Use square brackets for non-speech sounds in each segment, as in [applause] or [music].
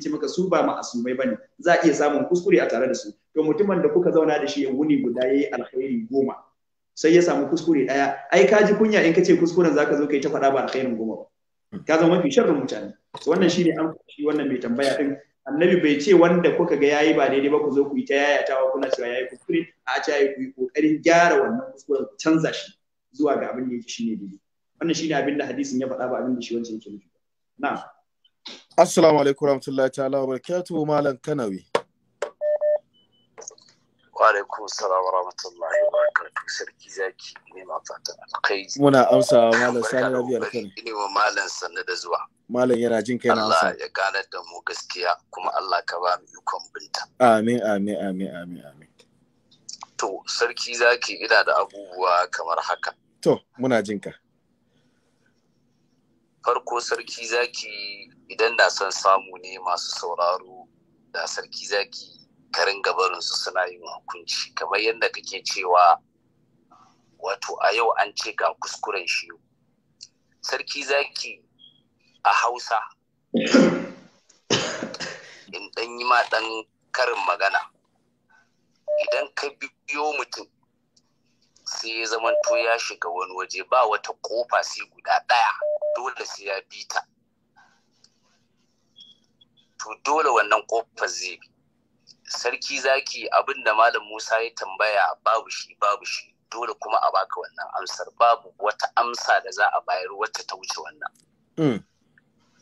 suke ce maka su ba ma'asumai bane za a iya samun kuskure a tare da su to mutumin da kuka zauna da shi ya wuni guda yayi alkhairi goma sai ya samu kuskure daya ai ka ji kunya in ka ce kuskuren zaka zo kai ta faɗa ba alkhairin goma ba ka zama mafi sharrin mutane to wannan shine an shi wannan mai tambaya din annabi bai ce wanda kuka ga yayi ba daidai ba ku zo ku yi ta tawa kuna cewa yayi kuskure a ce yayi ku yi kokarin gyara wannan kuskuren ku canza shi zuwa ga abin da yake shine daidai wannan shine abin da hadisin ya faɗa ba abin da shi wancan yake na'am Assalamu alaikum warahmatullahi ta'ala wa barakatuhu Malam Kanawi. Wa alaikum salam wa rahmatullahi wa barakatuhu Sarki zaki ne ma fatan alkhairi. Muna amsa wa Malam Sani Rabi alkhairi. Ina wa Malam Sani da zuwa. Malam yana jin kai na amsa. Allah ya gane da mu gaskiya kuma Allah ka ba mu ikon binta. Amin amin amin amin amin. To sarki zaki ina da abubuwa kamar haka. To muna jin ka. farko sarki zaki idan na son samu ne masu sauraro da sarki zaki karin gabarinsu suna yi hukunci kamar yadda kake cewa wato a yau an ce ga kuskuren shi sarki zaki a hausa in ɗan yi ma ɗan karin magana idan ka biyo mutum sai ya zamanto ya shiga wani waje ba wata kofa sai guda ɗaya dole sai ya bi ta to dole wannan kofar zai bi sarki zaki abin malam musa ya tambaya babu shi babu shi dole kuma a baka wannan amsar babu wata amsa da za a bayar wata ta wuce wannan mm.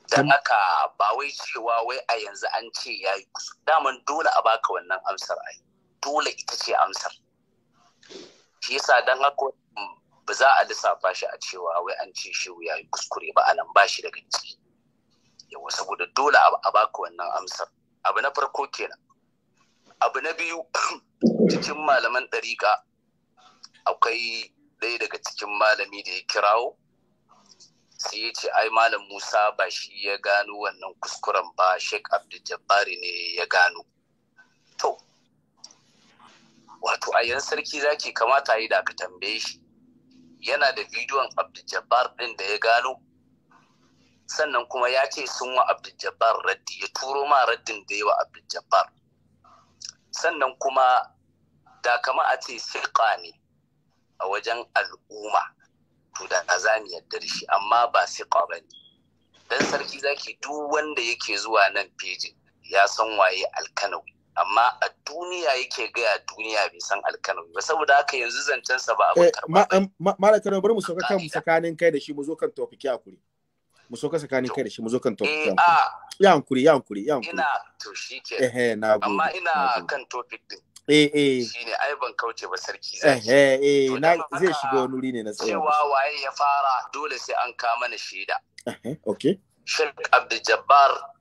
Da haka ba wai cewa wai a yanzu an ce ya yi daman dole a baka wannan amsar ai dole ita ce amsar shi yasa dan haka ba za a lissafa shi a cewa wai an ce shi ya yi kuskure ba anan ba shi daga ciki yawa saboda dole a baka wannan amsar abu na farko kenan abu na biyu [clears throat] cikin malaman ɗariƙa akwai ɗaya daga cikin malami da ya kirawo sai ya ce ai malam musa ba shi ya gano wannan kuskuren ba sheik abdul ne ya gano to wato a yan sarki zaki kamata yi da aka tambaye shi yana da bidiyon Abdujabbar din ɗin da ya gano sannan kuma ya ce sun wa Abdujabbar raddi ya turo ma raddin da ya wa Abdujabbar, sannan kuma da kama a ce siƙa ne a wajen al'umma to da zani yadda shi amma ba siƙa ba ne dan sarki zaki duk wanda yake zuwa nan fejin ya san waye alkanawi amma a duniya yake gaya duniya bai san alkano ba saboda haka yanzu zancensa ba abin eh, karɓa mara kano bari mu soka kan tsakanin kai da shi mu zo kan tofiki a kuri mu soka tsakanin kai da shi mu zo kan tofiki eh, a kuri ah, ya hankuri ya hankuri ya hankuri ina to shi ke eh, eh na gode amma ina kan tofik din eh eh shine ai ban kauce ba sarki zai eh eh na zai shiga wani wuri ne na tsaye cewa waye ya fara dole sai an kama mana eh okay Sheikh Abdul Jabbar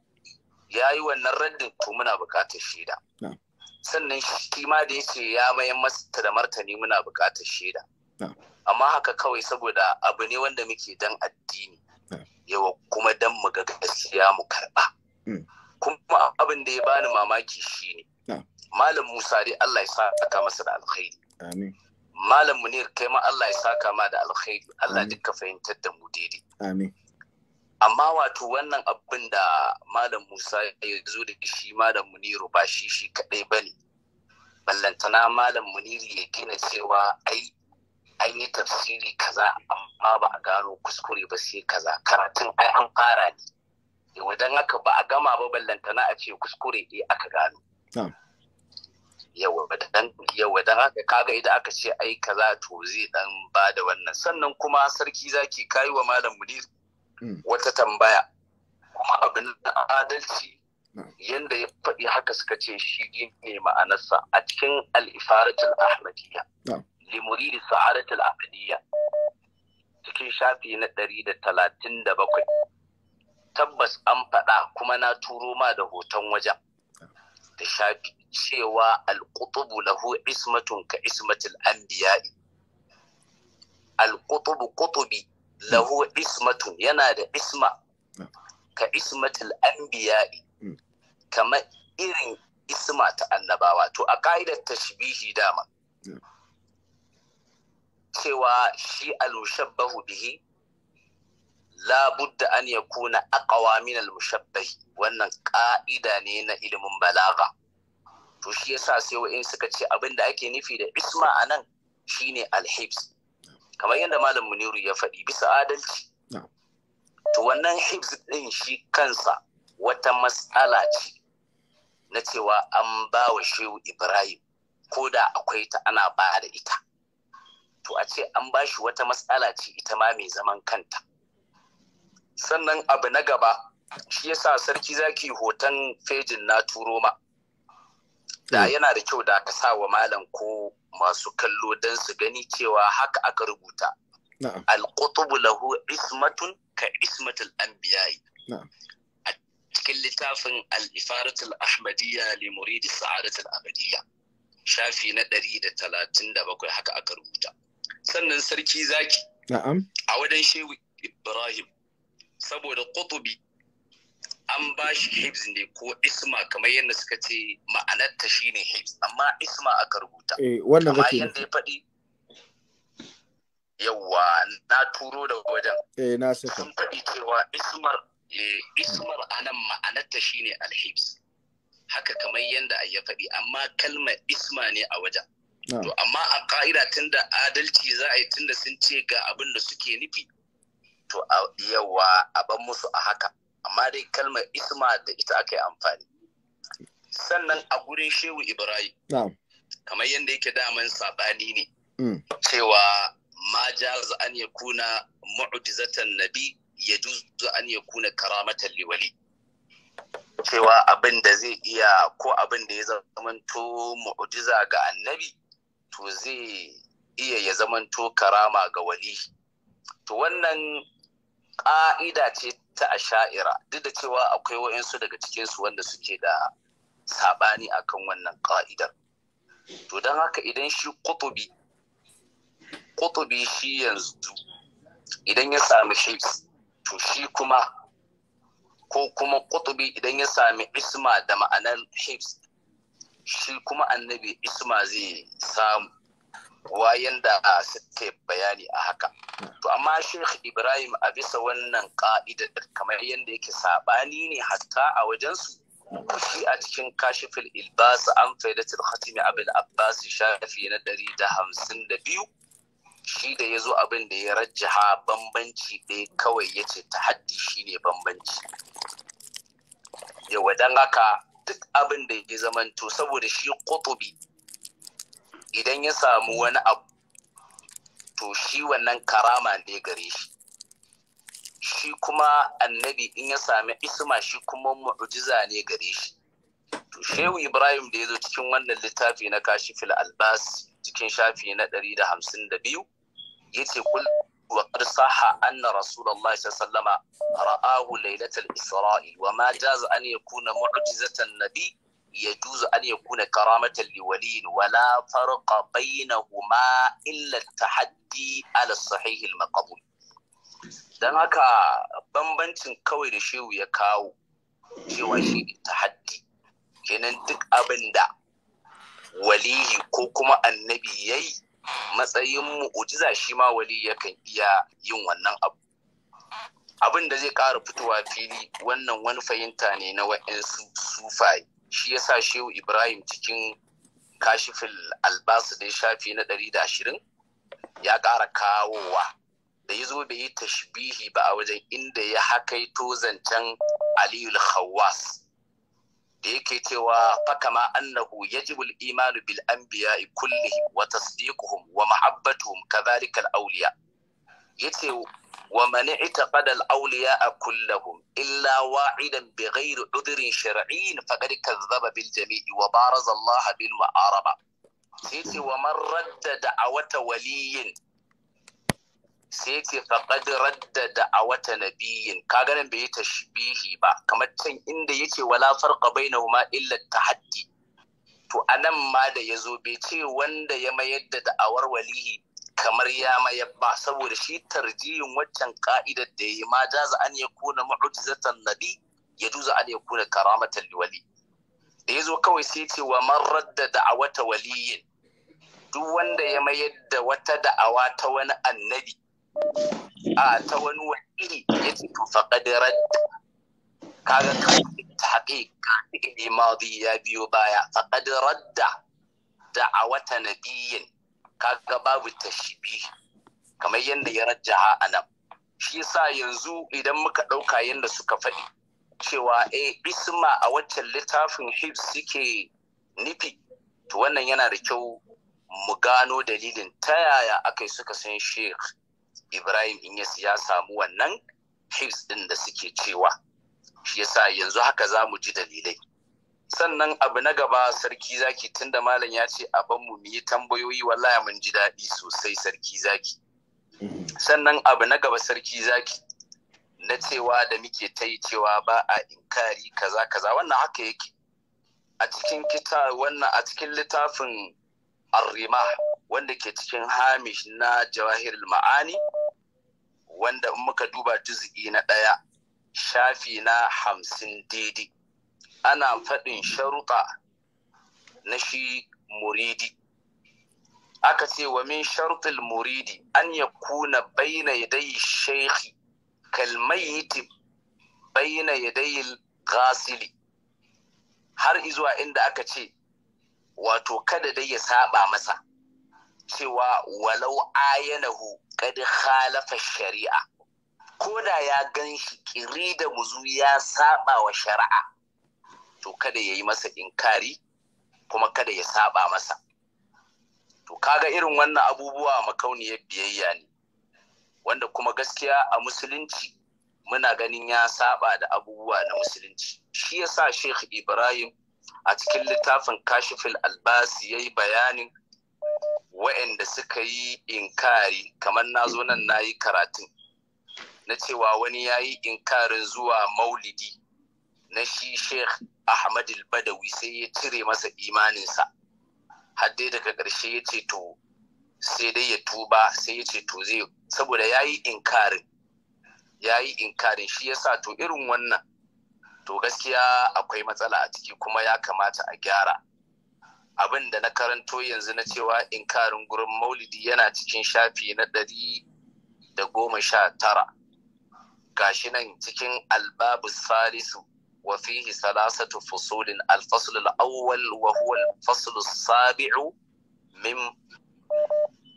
ya yi wannan raddin to muna buƙatar shaida sannan shi ma da ya ce ya mayan masa da martani muna buƙatar shaida amma haka kawai saboda abu ne wanda muke dan addini yawa kuma dan mu ga gaskiya mu karɓa. Hmm. kuma abin da ya bani mamaki shi ne. malam Musa dai Allah ya saka masa da alkhairi malam Munir kai ma Allah ya saka ma da alkhairi Allah duka fahimtar da mu daidai amma wato wannan abin da malam musa ya zo da shi malam muniru ba shi shi kaɗai ba ne ballantana malam muniru ya gina cewa ai an yi tafsiri kaza amma ba a gano kuskure ba sai kaza karatun ai an fara ne wajen haka ba a gama ba ballantana a ce kuskure ne aka gano yawa dan haka kaga idan aka ce ai kaza to zai dan ba da wannan sannan kuma sarki zaki kayi wa malam Muniru? Mm. wata tambaya kuma abin da adalci mm. Yadda ya faɗi haka suka ce shi ne ma'anarsa a cikin al'ifaratul ahmadiyya da sa'adatul ahmadiyya cikin shafi na ɗari da talatin da bakwai tabbas an faɗa kuma na turo ma da hoton wajen da shafi cewa alƙutubu lahu ismatun ka ismatul anbiya'i alƙutubu ƙutubi lahu ismatun yana da isma ka ismatul anbiya'i mm. kamar irin isma ta annabawa to a ka'idar tashbihi dama cewa shi al-mushabbahu bihi labudda an yakuna aqwa min al-mushabbahi wannan ƙa'ida ne na ilimin balaga to shi yasa sai wa'in suka ce abin da ake nufi da isma anan shine al-hibs kamar yadda malam muniru ya faɗi bisa adalci to wannan hibs ɗin shi kansa wata matsala ce na cewa an ba wa shehu ibrahim ko da akwai ta ana ba da ita to a ce an ba shi wata matsala ce ita ma mai zaman kanta sannan abu na gaba shi yasa sarki zaki hoton fejin na turo ma da yana da kyau da aka sa wa malam ko masu kallo don su gani cewa haka aka rubuta alƙutubu lahu ismatun ka ismatul anbiya'i a cikin littafin al-ifaratul ahmadiyya li muridi sa'adatul abadiyya shafi na ɗari da talatin da bakwai haka aka rubuta sannan sarki zaki a wajen shehu ibrahim saboda Qutubi. an ba shi hibs ne ko isma kamar yadda suka ce ma'anarta shine hibs amma isma aka rubuta eh, kamar yadda ya faɗi yawa na turo da wajen eh, na saka sun faɗi cewa ismar eh, ismar anan ma'anarta shine alhibs haka kamar yadda ya faɗi amma kalmar isma ne a wajen to amma a ka'ida tunda adalci za a yi tunda sun ce ga abin da suke nufi to yawa a ban musu a haka amma dai kalmar isma da ita aka yi amfani sannan a gurin shehu ibrahim kamar yadda yake daman sabani ne mm. cewa ma za an ya kuna mu'jizatan nabi ya juzu an ya kuna karamatan liwali cewa abin da zai iya ko abin da ya zamanto mu'jiza ga annabi to zai iya ya zamanto karama ga wali to wannan ƙa'ida ce ta asha'ira duk da cewa akwai wa'insu daga cikinsu wanda suke da saɓani akan wannan ƙa'idar to don haka idan shi kutubi kutubi shi yanzu idan ya sami shi to shi kuma ko kuma kutubi idan ya sami isma da ma'anar shi kuma annabi isma zai samu wayan da suke bayani a haka. To amma Sheikh Ibrahim a bisa wannan ka'ida kamar yadda yake saɓani ne hatta a wajensu shi a cikin kashifin Ilbasa an faidatul khatimi abin abbas shafi na ɗari da hamsin da biyu shi da ya zo abin da ya rajjaha bambanci ɗaya kawai ya ce haddi shi ne bambanci. Yawa don haka duk abin da ya zamanto saboda shi ƙutubi idan ya samu wani abu to shi wannan karama ne gare shi shi kuma annabi in ya sami isma shi kuma mu'jiza ne gare shi to shehu ibrahim da ya zo cikin wannan littafi na fil albas cikin shafi na 152 yace kul wa qad saha anna rasulullahi sallallahu alaihi wasallama ra'ahu lailatal isra'i wa ma jaza an yakuna mu'jizatan nabi يجوز أن يكون كرامة لولي ولا فرق بينهما إلا التحدي على الصحيح المقبول don haka bambancin kawai da shehu ya kawo cewa shi tahaddi kenan duk abin da waliyi ko kuma annabi ya yi matsayin mu'ujiza shi ma wali yakan iya yin wannan abu abin da zai ƙara fitowa fili wannan wani fahimta ne na wa'yansu sufaye shi ya sa shehu ibrahim cikin kashifin albasu ya shafi na ɗari da ashirin ya ƙara kawowa da ya zo bai yi tashbihi ba a wajen inda ya hakaito zancen aliyul khawas da yake cewa fakama annahu yajibul imanu bil anbiya'i kullihim wa tasdiquhum wa mahabbatuhum kadhalika al awliya yace wa man i'taqada a kulla kullahum illa wa'idan bighayri udhrin shar'iyyin faqad kazzaba bil jami'i wa baraza Allah bil ma'araba sai ce wa man radda da'awata waliyin sai ce faqad radda da'awata nabiyin kaga nan bai tashbihi ba kamar can inda yake wala farqa bainahuma illa tahaddi to anan ma da yazo bai ce wanda ya mayar da da'awar waliyi kamar ya maye ba saboda shi tarjiyin waccan ka'idar da yi ma jaza an ya kuna mu'jizatan nabi ya juza an ya kuna karamatan liwali da yazo kawai sai ce wa man radda da'awata waliyin duk wanda ya mayar da wata da'awa ta wani annabi a ta wani wali ya ce to faqad radda kaga ta haqiqa ne ya biyo baya faqad radda da'awata nabiyin kaga babu tashibi kamar yadda ya rajjaha a nan shi sa yanzu idan muka ɗauka yadda suka faɗi cewa e eh, bisma a waccan littafin hib suke nufi to wannan yana da kyau mu gano dalilin ta yaya aka suka san sheikh ibrahim inyas ya samu wannan hibs ɗin da suke cewa shi yasa yanzu haka za mu ji dalilai sannan abu na gaba sarki zaki tunda malam ya ce a ban mu yi tambayoyi wallahi mun ji daɗi sosai sarki zaki sannan abu na gaba sarki zaki na cewa da muke ta yi cewa ba a inkari kaza kaza wannan haka yake a cikin kita wannan a cikin littafin arrima wanda ke cikin hamish na jawahir ma'ani wanda muka duba juz'i na ɗaya shafi na hamsin daidai ana faɗin sharuɗa na shi muridi aka ce wa min sharuɗin muridi an ya kuna baina yadayi shaikhi kalmayiti baina dai gasili har izuwa inda aka ce wato kada dai ya saba masa cewa walau ayanahu kad khalafa shari'a ko da ya gan shi kiri da muzu ya saba wa shari'a to kada ya yi masa inkari kuma kada ya saba masa to kaga irin wannan abubuwa makauniyar biyayya ne wanda kuma gaskiya a musulunci muna ganin ya saba da abubuwa na musulunci shi ya sa sheikh ibrahim a cikin littafin kashifil albasi ya yi bayanin wa'anda suka yi inkari kamar na zo nan na yi karatun na cewa wani ya yi inkarin zuwa maulidi na shi sheikh ahmad badawi sai ya cire masa imaninsa har dai daga ƙarshe ya ce to sai dai ya tuba sai ya ce to zai saboda ya yi inkarin ya yi inkarin shi ya sa to irin wannan to gaskiya akwai matsala a ciki kuma ya kamata a gyara abin da na karanto yanzu na cewa inkarin gurin maulidi yana cikin shafi na ɗari da goma sha tara gashi nan cikin albabu salisu وفيه ثلاثة فصول الفصل الأول وهو الفصل السابع من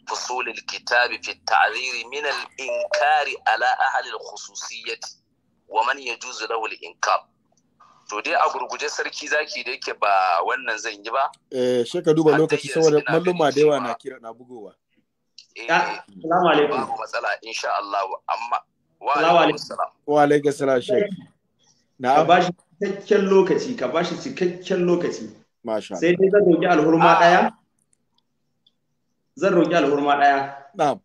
فصول الكتاب في التعذير من الإنكار على أهل الخصوصية ومن يجوز له الإنكار to dai a gurguje sarki zaki da yake ba wannan zan yi ba eh sai ka duba lokaci saboda malluma da yawa na kira na bugowa eh assalamu alaikum ba matsala insha Allah amma wa alaikum assalam wa alaikum assalam sheikh ka ba shi cikakken lokaci ka ba shi cikakken lokaci sai dai zan roƙi alhurma ah. ɗaya zan roƙi alhurma ɗaya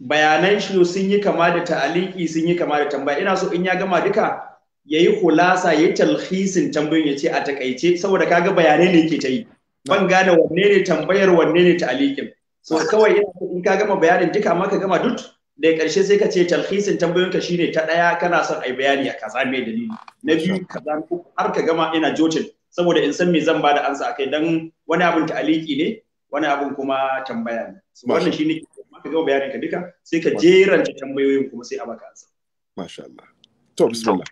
bayanan shi sun yi kama da ta'aliki sun yi kama da tambaya ina so in ya gama duka ya yi hulasa ya yi talhisin tambayin ya ce a takaice saboda kaga bayanai ne ke ta yi ban gane wanne ne tambayar wanne ne ta'alikin so ah. kawai ina so in ka gama bayanin duka ma ka gama duk da ƙarshe sai ka ce talhisin tambayoyinka shine ta ɗaya kana son ai bayani a kaza mai dalili na biyu kaza har ka gama ina jotin saboda in san me zan bada ansa akai dan wani abin ta'aliki ne wani abin kuma tambaya ne wannan shine ka gama bayanin ka duka sai ka jeranta tambayoyin kuma sai a baka ansa masha Allah to bismillah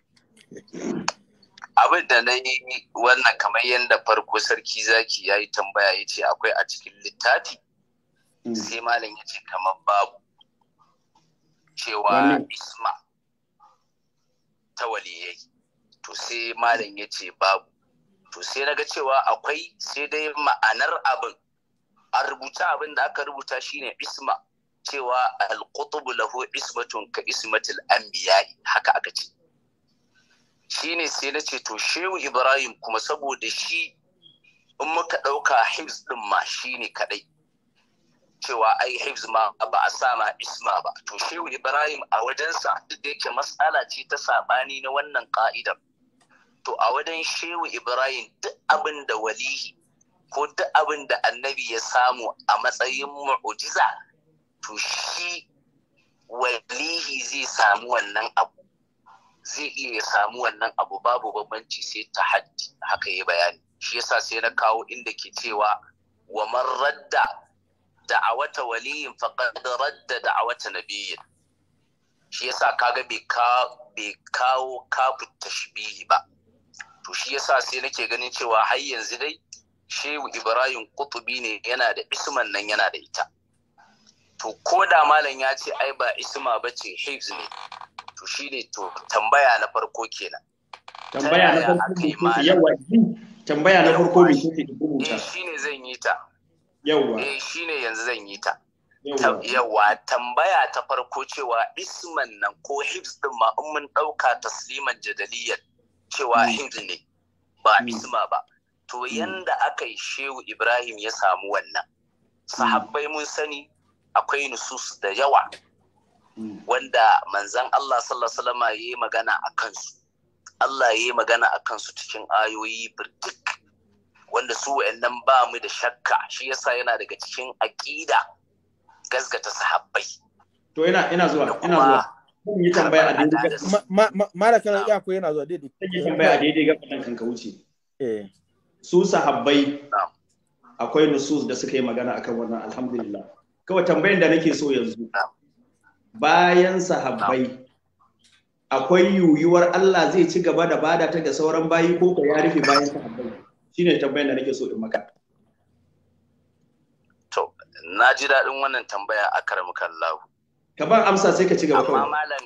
abin da na yi wannan kamar yadda farko sarki zaki ya yi tambaya ya ce akwai a cikin littafi hmm. sai malam ya ce kamar babu cewa isma ta waliyai to sai malam ya ce babu to sai na cewa akwai sai dai ma'anar abin a rubuta abin da aka rubuta shine isma cewa alqutubu lahu ismatun ka ismatul anbiya'i haka aka ce shine sai na ce to shehu ibrahim kuma saboda shi in muka ɗauka hibs ɗin ma shine kaɗai cewa ai hifz ma ba a sama isma ba to shehu ibrahim a wajensa duk da yake matsala ce ta sabani na wannan ka'idar to a wajen shehu ibrahim duk abin da walihi ko duk abin da annabi ya samu a matsayin mu'ujiza to shi walihi zai samu wannan abu zai iya samu wannan abu babu bambanci sai ta haddi haka ya bayani shi yasa sai na kawo inda ke cewa wa man radda da'awata waliyin faqad da da'awata biyun, shi yasa kaga bai ka bai kawo kafu biyu ba to shi sa sai nake ganin cewa har yanzu dai shehu ibrahim kutubi ne yana da isman nan yana da ita to ko da malam ya ce ai ba isma ba ce hibs ne to shi ne to tambaya na farko kenan tambaya na farko mai shi ne zan yi ta yawwa eh shine yanzu zan yi ta yawwa tambaya ta farko cewa isman nan ko hibs din ma in mun ɗauka tasliman jadaliyyar cewa hmm. hibs ne ba hmm. isma ba to hmm. yanda aka yi shehu ibrahim ya samu wannan sahabbai mun sani akwai nusus da yawa wanda manzan Allah sallallahu alaihi ya yi magana a kansu Allah ya yi magana a kansu cikin ayoyi birtik wanda su wa'annan ba mu da shakka shi yasa yana daga cikin aƙida gasgata sahabbai to ina ina zuwa ina zuwa kun yi tambaya a daidai ma ma ya ko yana zuwa daidai kun yi tambaya a daidai ga kan kanka wuce eh su sahabbai akwai nusus da suka yi magana akan wannan alhamdulillah kawai tambayin da nake so yanzu bayan sahabbai akwai yuyuwar Allah zai ci gaba da bada ta ga sauran bayi ko ka ya rufe bayan sahabbai shine tambayar da nake so in maka to na ji daɗin wannan tambaya a karamukan Kallahu. ka ban amsa sai ka ci gaba amma malam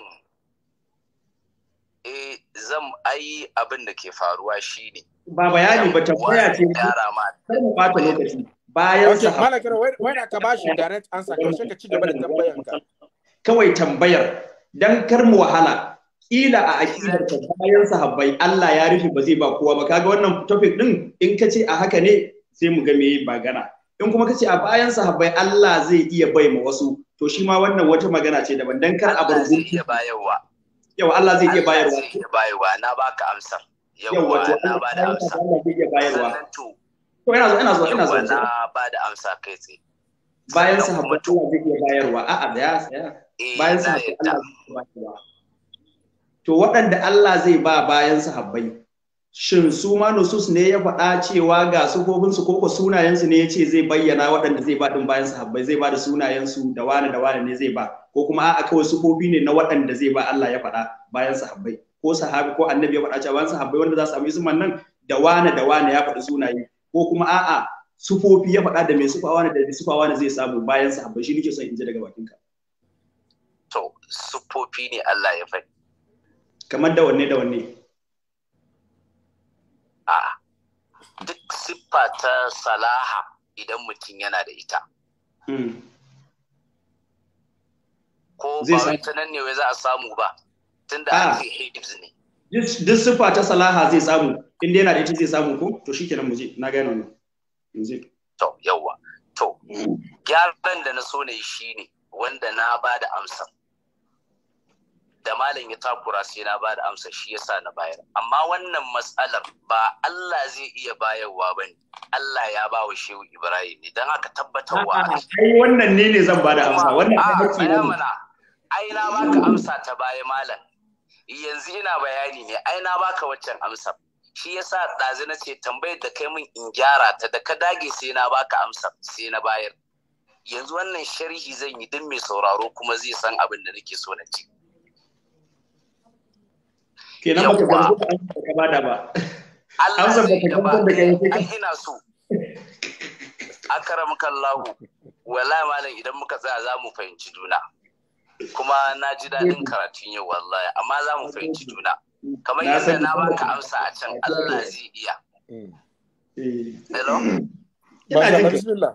eh zan ai abin da ke faruwa shine ba bayani ba tambaya ce ba mu bata lokaci bayan sa malakar wai da ka bashi direct answer ka ci gaba da tambayar ka kawai tambayar dan kar mu wahala kila a aqidar ta bayan sahabbai Allah ya rufe ba zai ba kowa ba kaga wannan topic din in ka ce a haka ne sai mu ga meye magana in kuma ka ce a bayan sahabbai Allah zai iya bai ma wasu to shi ma wannan wata magana ce daban dan kar a bar gunki ya bayarwa yawa Allah zai iya bayarwa zai iya bayarwa na baka amsar yawa na ba da Allah zai iya bayarwa to ina zo ina zo ina zo na ba da amsa kai tsaye bayan sahabbai Allah zai iya bayarwa a'a da ya eh, bayan sahabbai Allah zai iya bayarwa to waɗanda Allah zai ba bayan sahabbai shin su ma nusus ne ya faɗa cewa ga sufofinsu koko sunayensu ne ya ce zai bayyana waɗanda zai ba ɗin bayan sahabbai zai ba da sunayensu da wane da wane ne zai ba ko kuma a'a kawai sufofi ne na waɗanda zai ba Allah ya faɗa bayan sahabbai ko sahabi ko annabi ya faɗa cewa bayan sahabbai wanda za su samu isman nan da wane da wane ya faɗi sunaye ko kuma a'a sufofi ya faɗa da mai sufawa ne da mai sufawa ne zai samu bayan sahabbai shi nake son in ji daga bakinka to sufofi ne Allah ya faɗi kamar da wanne da wanne a duk siffa ta salaha idan mutum yana da ita hmm. ko ba nan ne wai za a samu ba tunda ake ah. hibs ne duk siffa ta salaha zai samu inda yana da ita zai samu ko to shi kenan muje na gaya nuna yanzu to yawwa to hmm. gyaran da na so ne ne wanda na ba da amsa da malam ya takura sai na ba da amsa shi yasa na bayar amma wannan matsalar ba Allah zai iya bayarwa ba ne Allah ya ba wa shehu Ibrahim ne don haka tabbatarwa ai wannan ne ne zan ba da amsa wannan ne ai na baka amsa ta baya malam yanzu ina bayani ne ai na baka waccan amsa shi yasa ɗazu na ce tambayar da kai min in gyara ta da ka dage sai na baka amsa sai na bayar yanzu wannan sharhi zan yi don mai sauraro kuma zai san abin da nake so na ci kenan baka gamsu da amsa da bada ba Allah baka gamsu da kai ai ina so akaramka Allahu wallahi malam idan muka tsaya za mu fahimci juna kuma na ji daɗin karatun yau wallahi amma za mu fahimci juna kamar yadda na baka amsa a can Allah zai iya mm. eh. hello bismillah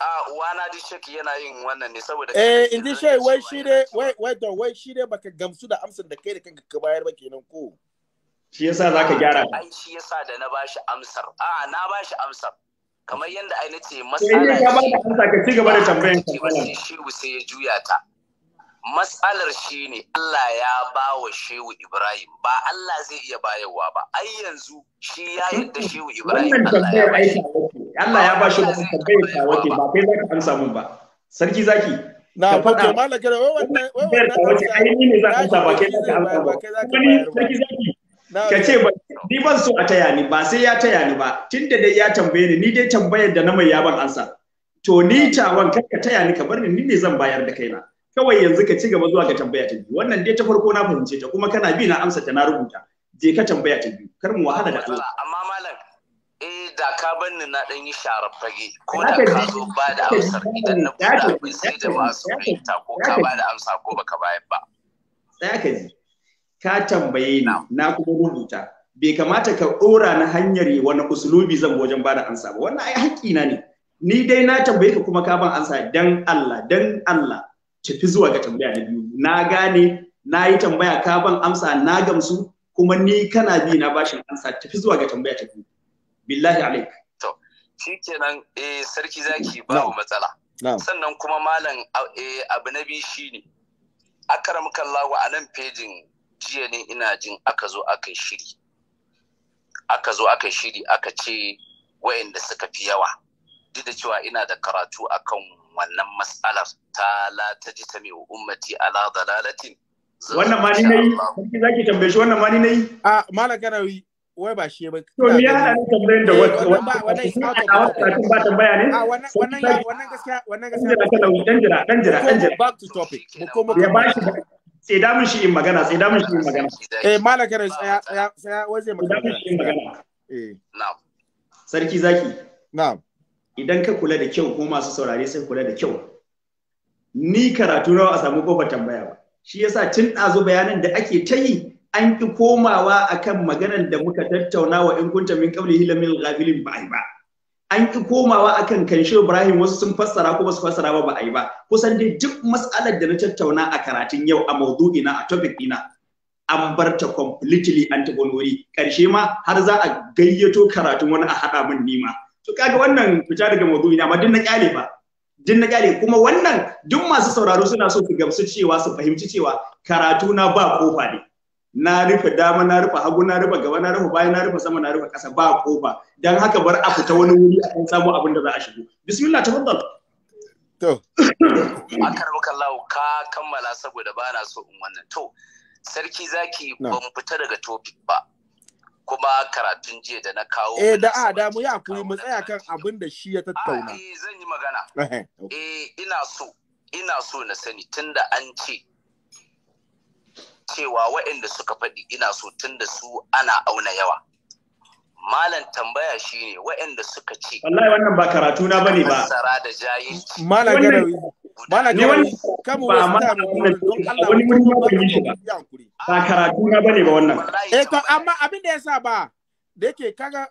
a uwana di shek yana yin wannan ne saboda eh in di shek wai shi ne wai wai da wai shi ne baka gamsu da amsar da kai da kanka ka bayar ba kenan ko shi yasa zaka ah, gyara da na bashi a na bashi nace ne ka amsa sai ya juya ta matsalar shi ne Allah ya ba wa Shehu Ibrahim ba Allah zai iya bayarwa ba ai yanzu shi ya yarda Shehu Ibrahim Allah ya bayar Allah ya ba shi da tambayar ta wace ba kai zaka amsa mun ba sarki zaki na fata malaka wai wannan wai wannan wace ai ni ne za ka amsa ba kai zaka amsa ba wani sarki zaki ka ce ba ni ban so a taya ni ba sai ya taya ni ba tunda dai ya tambaye ni ni dai tambayar da na mai ya ban ansa to ni tawan kar ka taya ni ka bar ni ni ne zan bayar da kaina kawai yanzu ka ci gaba zuwa ga tambaya ta biyu wannan dai ta farko na fahimce ta kuma kana bi na amsa ta na rubuta je ka tambaya ta biyu kar mu wahala da Allah amma da ka ni na ɗan yi sharar fage ko da ka zo ba da amsar idan na buɗe abin sai ba su fahimta ko ka ba da amsa ko baka bayar ba. Tsaya ka ji, ka tambaye na na kuma rubuta. Bai kamata ka ɗora na hanyar wani usulubi zan wajen ba da amsa ba. Wannan ai haƙƙi na ne. Ni dai na tambaye ka kuma ka ban amsa dan Allah dan Allah tafi zuwa ga tambaya na biyu. Na gane na yi tambaya ka ban amsa na gamsu kuma ni kana bi na bashin amsa tafi zuwa ga tambaya ta biyu. billahi alaik to shikenan eh sarki zaki ba matsala sannan kuma malam eh, abu na biyu shine akramkallahu a nan fejin jiya ne ina jin aka zo aka shiri aka zo aka shiri aka ce wayanda suka fi yawa duk da cewa ina da karatu akan wannan matsalar ta la ta ji ta wa ummati ala dalalatin wannan ma ni nayi sarki zaki tambaye shi wannan ma ni nayi a malaka rawi wai ba shi ba. To me ya haɗa tambayin da eh, wata ba tambaya ne? Ah, a wannan gaskiya wannan gaskiya. Dan jira dan jira dan jira. Back to topic. Mu koma ya ba shi sai da mun shi in magana sai da mun shi in magana. Eh malaka ne sai ya sai ya waje magana. Eh. Na'am. Sarki zaki. Na'am. Idan ka kula da kyau ko masu saurare sun kula da kyau. Ni karatu rawa a samu kofar tambaya ba. Shi yasa tun ɗazu bayanan da ake ta yi an ki komawa akan maganar da muka tattauna wa in kunta min qabli hilamil ghafilin ba ba an ki komawa akan kanshi Ibrahim wasu sun fassara ko basu fassara ba ba ai ba kusan dai duk mas'alar da na tattauna a karatun yau a maudu'ina a topic ina an bar ta completely an taɓa Karshe ma har za a gayyato karatun wani a hada min nima to kaga wannan fita daga maudu'i na ma na kyale ba din na kyale kuma wannan duk masu sauraro suna so su gamsu cewa su fahimci cewa karatu na ba kofa ne na rufe dama na rufe hagu na rufe gaba na rufe baya na rufe sama na rufe kasa ba ko ba dan haka bar a fita wani wuri a kan samu abin da za a shigo bismillah tafaddal to akar ka kammala saboda ba na so in wannan to sarki zaki ban fita daga topic ba kuma karatun jiya da na kawo eh da a da mu ya kuri mu tsaya kan abin da shi ya tattauna ah, eh zan yi magana eh ina so ina so na sani tunda an ce cewa waɗanda suka faɗi ina so tun da su ana auna yawa. Malam tambaya shi ne waɗanda suka ce. Wallahi wannan ba karatu na bane ba. Masara da jayi. Malam Garawi. Malam Garawi. Kamu wasu ta wani wani yi shi ba. Ba karatu na bane ba wannan. Eh to amma abin da ya sa ba. Da yake kaga.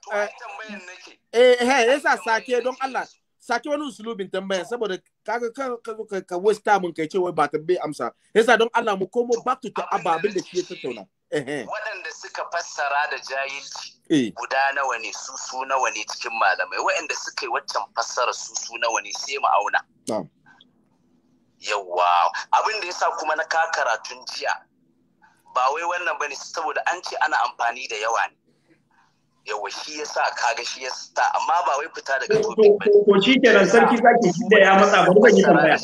Eh, eh eh sake don Allah. sake wani usulubin tambaya saboda kaga ka ka ka waste time kai cewa ba ta bai amsa yasa don Allah mu komo back to ababin da shi ya tattauna waɗanda suka fassara da jahilci eh. guda nawa ne su su nawa ne cikin malamai waɗanda suka yi waccan fassara su su nawa ne sai mu auna yawa abin da yasa kuma na ka karatun jiya ba wai wannan bane saboda an ce ana amfani da yawa ne yawa shi sa kaga shi sa amma ba wai fita daga topic ba ko shikenan sarki zaki shi da ya matsa ba ban yi tambaya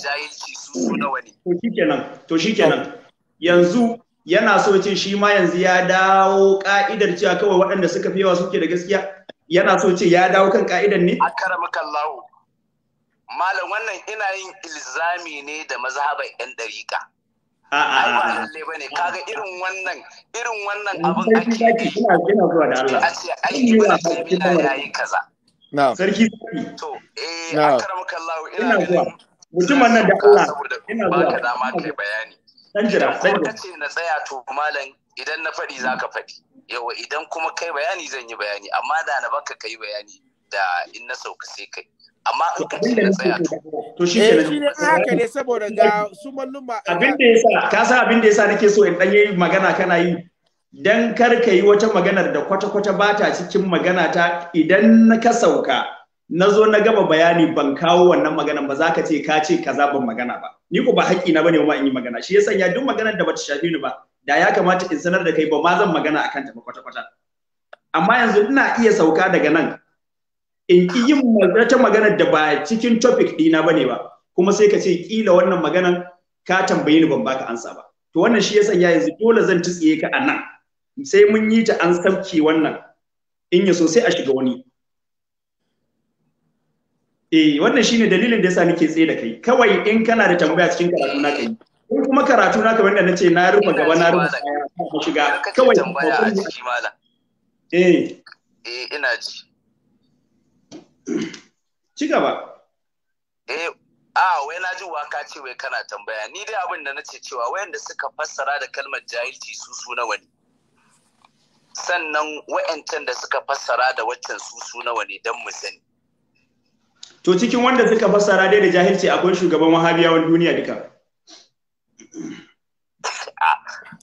Ko shi kenan to shikenan kenan yanzu yana so ce shi ma yanzu ya dawo ka'idar cewa kawai waɗanda suka fi yawa suke da gaskiya yana so ce ya dawo kan ka'idar ne akaramaka Allah malam wannan ina yin ilzami ne da mazhaban yan dariƙa ai ba lalle bane kaga irin wannan irin wannan abin ake ina ina zuwa da Allah ai ibn sabila yayi kaza na'am sarki to eh akramaka ina zuwa mutumin nan da Allah ina zuwa ba dama kai bayani dan jira dan jira kace na tsaya to malam idan na faɗi zaka faɗi yawa idan kuma kai bayani zan yi bayani amma da na baka kai bayani da in na sauka sai kai amma in ka ce na tsaya to shi eh, ne haka ne saboda ga su malluma abin da yasa ka san abin da yasa nake so in dan yayi magana kana yi dan kar ka yi wata maganar da kwata-kwata ba ta cikin magana ta idan na ka sauka na zo na gaba bayani ban kawo wannan magana ba za ka ce ka ce kaza ban magana ba ni ko ba haƙƙi na bane ma in yi magana shi yasa ya duk maganar da bata shafi ni ba da ya kamata in sanar da kai ba ma zan magana akan ta ba kwata-kwata amma yanzu ina iya sauka daga nan in ki yin wata magana da ba cikin topic dina ba ne ba kuma sai ka ce kila wannan maganan ka tambaye ni ban baka ansa ba to wannan shi ya sanya yanzu dole zan tsiye ka a nan sai mun yi ta an sauke wannan in ya so sai a shiga wani eh wannan shine dalilin da yasa nake tsaye da kai kawai in kana da tambaya cikin karatu na kai in kuma karatu na kamar da nace na rufe gaba na rufe shiga kawai tambaya a ciki mala eh eh ina ji Ci gaba. Eh, a wai na ji waka ce wai kana tambaya. Ni dai abin da na ce cewa wayanda suka fassara da kalmar jahilci su su wani. Sannan wayancan da suka fassara da waccan su su wani don mu sani. To cikin wanda suka fassara dai da jahilci akwai shugaban wahabiyawan duniya duka. [laughs]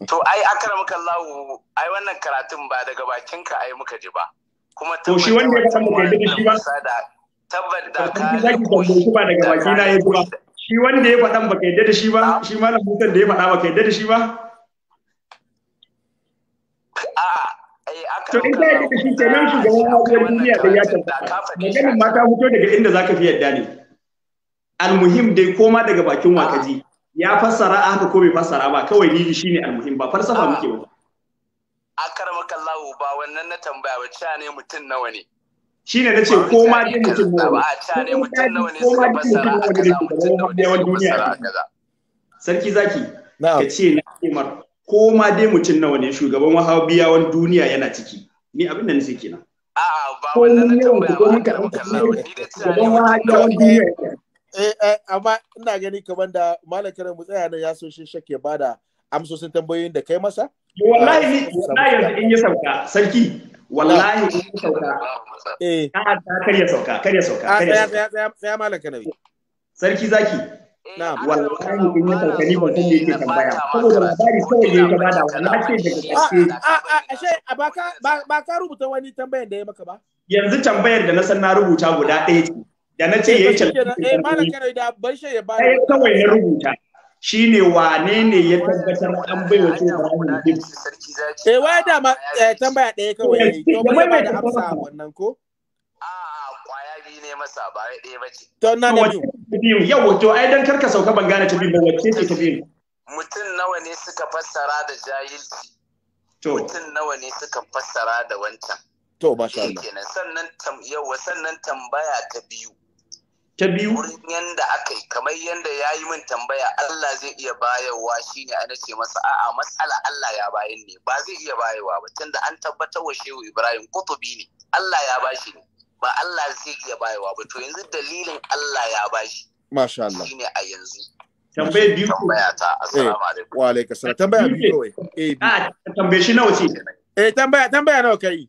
To ai akramaka Allah ai wannan karatun ba daga bakinka ai muka ji ba. kuma shi wanda ya faɗa da shi ba tabbata ka zaki tambayi ba daga baki na yayi ba shi wanda ya faɗan baka yadda da shi ba shi malam mutan da ya faɗa baka yadda da shi ba eh, to in ka yadda shi shi kenan shugaban wajen duniya da ya tabbata maganin mata hoto daga inda zaka fi yadda ne almuhim dai koma daga bakin wakaji ya fassara aka ko bai fassara ba kawai ni shine almuhim ba falsafa muke ba akaramaka Allah ba wannan na tambaya ba cewa ne mutum nawa ne shi ne na ce ko ma dai mutum nawa a cewa ne mutum nawa ne suka fassara a kaza mutum nawa ne suka fassara a kaza sarki zaki ka ce na kimar ko ma dai mutum nawa ne shugaban wahabiyawan duniya yana ciki ni abin da nake kenan a'a ba wannan na tambaya ba akaramaka Allah ni da cha eh, eh, amma ina gani kamar da malam karan mu tsaya nan ya so shi shake bada amsoshin tambayoyin da kai masa? Wallahi ni ah, wallahi yanzu in yi sauka sarki wallahi in yi sauka. Eh. Ka ah, ah, kar ya sauka kar ya sauka kar ya sauka. Tsaya tsaya malam Kanawi. Sarki zaki. Eh, Na'am. Wallahi in yi sauka ni mutum da yake tambaya. Saboda labari kawai da yake bada na ce daga ƙarshe. A a ashe ba ka ba ka rubuta wani tambayar da ya maka ba? Yanzu tambayar da na san na rubuta guda ɗaya ce. Da na ce ya yi Eh, eh malam Kanawi da bar shi ya ba. Kawai ya rubuta. shine wane ne ya tabbatar an bai wa Ibrahim duk eh wa ya dama eh, tambaya ɗaya kawai to ba ya da amsa wannan ko a'a kwaya biyu ne masa ba ɗaya bace to na da biyu yau to ai dan karka sauka ban gane ta biyu wacce ce ta mutum nawa ne suka fassara da jahilci mutum nawa ne suka fassara da wancan to masha Allah sannan tambaya ta biyu ta biyu wurin yanda aka yi kamar yanda ya yi min tambaya Allah zai iya bayarwa ne ana ce masa a'a matsala Allah ya bayan ne ba zai iya bayarwa ba tunda an tabbatar wa shehu Ibrahim kutubi ne Allah ya bashi ne ba Allah zai iya bayarwa ba to yanzu dalilin Allah ya bashi masha Allah shi ne a yanzu Tambaya biyu tambaya ta assalamu eh, alaikum wa alaikum assalam tambaya biyu eh a ah, tambaye shi nawa ce eh tambaya tambaya nawa kai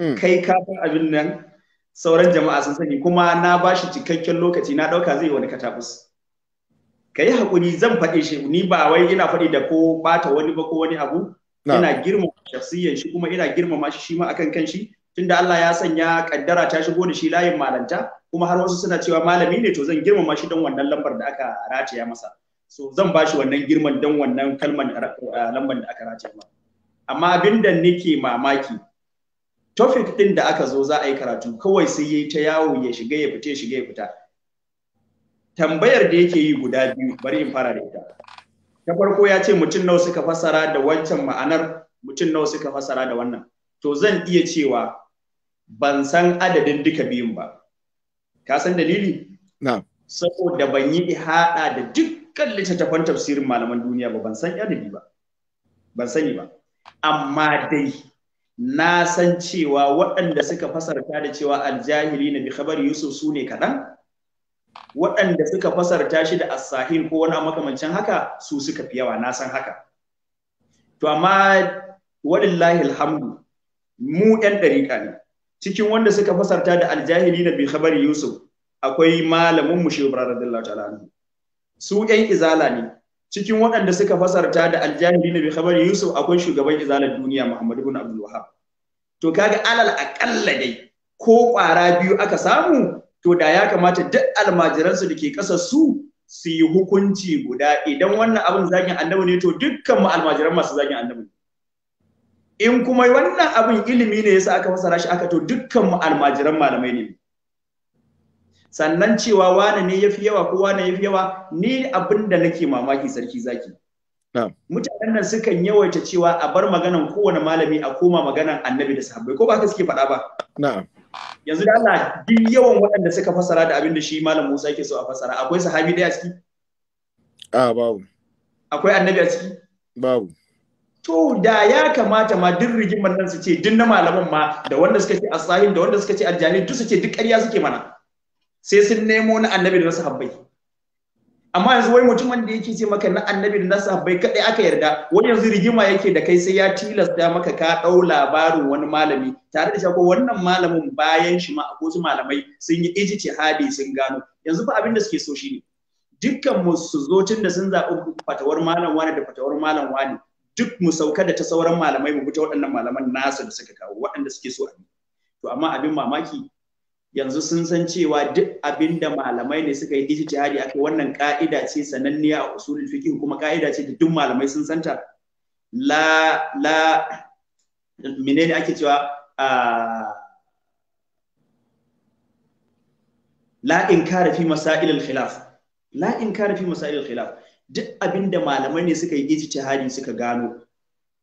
Mm. kai ka san abin nan sauran jama'a sun sani kuma na ba shi cikakken lokaci na ɗauka zai wani katabus ka yi haƙuri zan faɗe shi ni ba wai ina faɗi da ko ɓata wani ba ko wani abu ina girmama shafsiyan shi kuma ina girmama shi shi ma akan kan shi tunda Allah ya sanya kaddara ta shigo da shi layin malanta kuma har wasu suna cewa malami ne to zan girmama shi don wannan lambar da aka rataya masa so zan ba shi wannan girman don wannan kalman eh, lambar da aka rataya masa amma abin da nake mamaki topic din da aka zo za a yi karatu kawai sai yayi ta yawo ya shiga ya fita shiga ya fita tambayar da yake yi guda biyu bari in fara da ita ta farko ya ce mutum nawa suka fassara da wancan ma'anar mutum nawa suka fassara da wannan to zan iya cewa ban san adadin duka biyun ba ka san dalili na'am saboda ban yi ihada da dukkan littattafan tafsirin malaman duniya ba ban san adadi ba ban sani ba amma dai na san cewa waɗanda suka fasarta da cewa aljahili na bi khabar Yusuf su ne kaɗan? Waɗanda suka fasarta shi da asahin ko wani makamancin haka su suka fi yawa na san haka. To amma waɗillahi alhamdu mu ‘yan ɗariƙa ne, cikin wanda suka fasarta da aljahili na bi khabar Yusuf akwai malamin mu shi radiyallahu Su ‘yan izala ne, cikin waɗanda suka fasarta da aljahili na bi khabar yusuf akwai shugaban izalar duniya muhammad ibn abdul wahab to kaga alal aqalla dai ko ƙwara biyu aka samu to da ya kamata duk almajiransu da ke ƙasa su su yi hukunci guda idan wannan abin zagin annabi ne to dukkan mu almajiran masu zagin annabi in kuma wannan abin ilimi ne yasa aka fasara shi aka to dukkan mu almajiran malamai ne sannan cewa wane ne yafi yawa ko wane yafi yawa ni abin da nake mamaki sarki zaki mutanen nan sukan yawaita cewa a bar maganan kowane malami a koma maganan annabi da sahabbai ko ba haka suke faɗa ba yanzu da Allah duk yawan waɗanda suka fasara da abin da shi malam Musa yake so a fasara akwai sahabi ɗaya a ciki a babu akwai annabi a ciki babu to da ya kamata ma duk rigimar nan su ce duk na malaman ma da wanda suka ce asahin da wanda suka ce aljani duk su ce duk ƙarya suke mana sai sun nemo na annabi da na habbai amma yanzu wai mutumin da yake ce maka na annabi da na habbai kadai aka yarda wani yanzu rigima yake da kai sai ya tilasta maka ka dau labarin wani malami tare da shi wannan malamin bayan shi ma akwai malamai sun yi hadi sun gano yanzu fa abin da suke so shine dukkan mu su zo tunda sun zaɓi fatawar malam wani da fatawar malam wani duk mu sauka da ta sauran malamai mu fita waɗannan malaman nasu da suka kawo waɗanda suke so a to amma abin mamaki yanzu sun san cewa duk abin da malamai ne suka yi ijtihadi ake wannan ka'ida ce sananniya a usulul fiqh kuma ka'ida ce da duk malamai sun santa la la menene ake cewa la inkara fi masail al-khilaf la inkara fi masail al-khilaf duk abin da malamai ne suka yi ijtihadi suka gano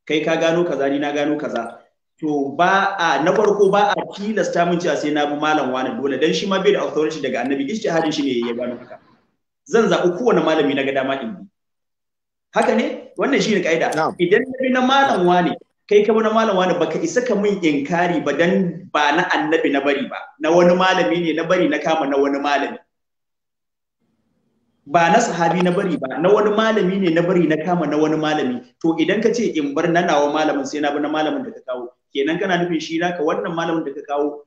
kai ka gano kaza ni na gano kaza to ba a na farko ba a tilasta mun cewa sai na bi malam wani dole dan shi ma bai da authority daga annabi ijtihadin shi ne ya gano haka zan zaɓi kowane malami na ga dama in bi haka ne wannan shi ne ka'ida idan na bi na malam wani kai ka na malam wani baka isa ka min inkari ba dan ba na annabi na bari ba na wani malami ne na bari na kama na wani malami ba na sahabi na bari ba na wani malami ne na bari na kama na wani malami to idan ka ce in bar na nawa malamin sai na bi na malamin da ka kawo kenan kana nufin shi naka wannan malamin da ka kawo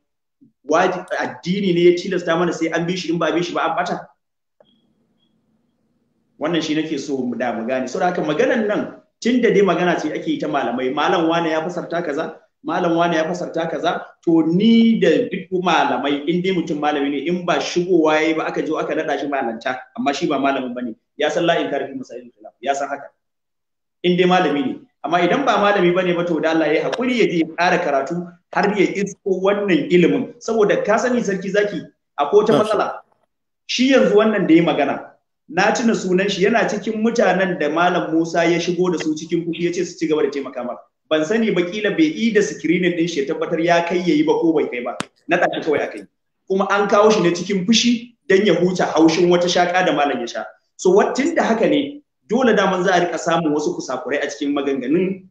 addini ne ya tilasta mana sai an bi shi in ba bi shi ba an bata wannan shi nake so mu da mu gane saboda haka maganan nan tun da dai magana ce ake yi ta malamai malam wane ya fasarta kaza malam wane ya fasarta kaza to ni da duk malamai in dai mutum malami ne in ba shigowa yayi ba aka je aka nada shi malanta amma shi ba malamin bane ya san la in karfi masailul ya san haka in dai malami ne amma idan ba malami bane ba to da Allah ya hakuri ya je ya ƙara karatu har ya isko wannan ilimin saboda ka sani sarki zaki a ko ta matsala shi yanzu wannan da ya magana na tuna sunan shi yana cikin mutanen da malam Musa ya shigo da su cikin fushi ya ce su ci gaba da taimaka maka ban sani ba kila bai yi da screening din shi ya tabbatar ya kai yayi ba ko bai kai ba na tashi kawai akai kuma an kawo shi ne cikin fushi dan ya huta haushin wata shaka da malam ya sha so tun da haka ne dole daman za a rika samun wasu kusakurai a cikin maganganun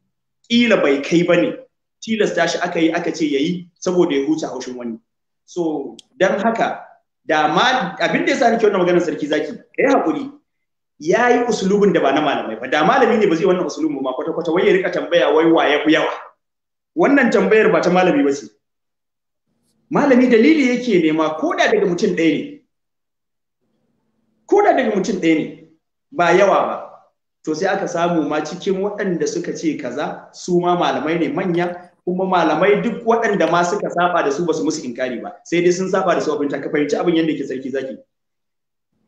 kila bai kai ba ne tilasta shi aka yi aka ce ya yi saboda ya huce haushin wani so don haka da ma abin da ya sa nake wannan maganar sarki zaki kai hakuri ya yi usulubin da ba na malamai ba da malami ne ba zai wannan usulubin ba kwata kwata wai ya rika tambaya wai waye ku yawa wannan tambayar ba ta malami ba ce malami dalili yake nema ko da daga mutum ɗaya ne ko da daga mutum ɗaya ne ba yawa ba to sai aka samu ma cikin waɗanda suka ce kaza su ma malamai ne manya kuma malamai duk waɗanda ma suka saba da su basu musu inkari ba sai dai sun saba da su abin ka fahimci abin yadda ke sarki zaki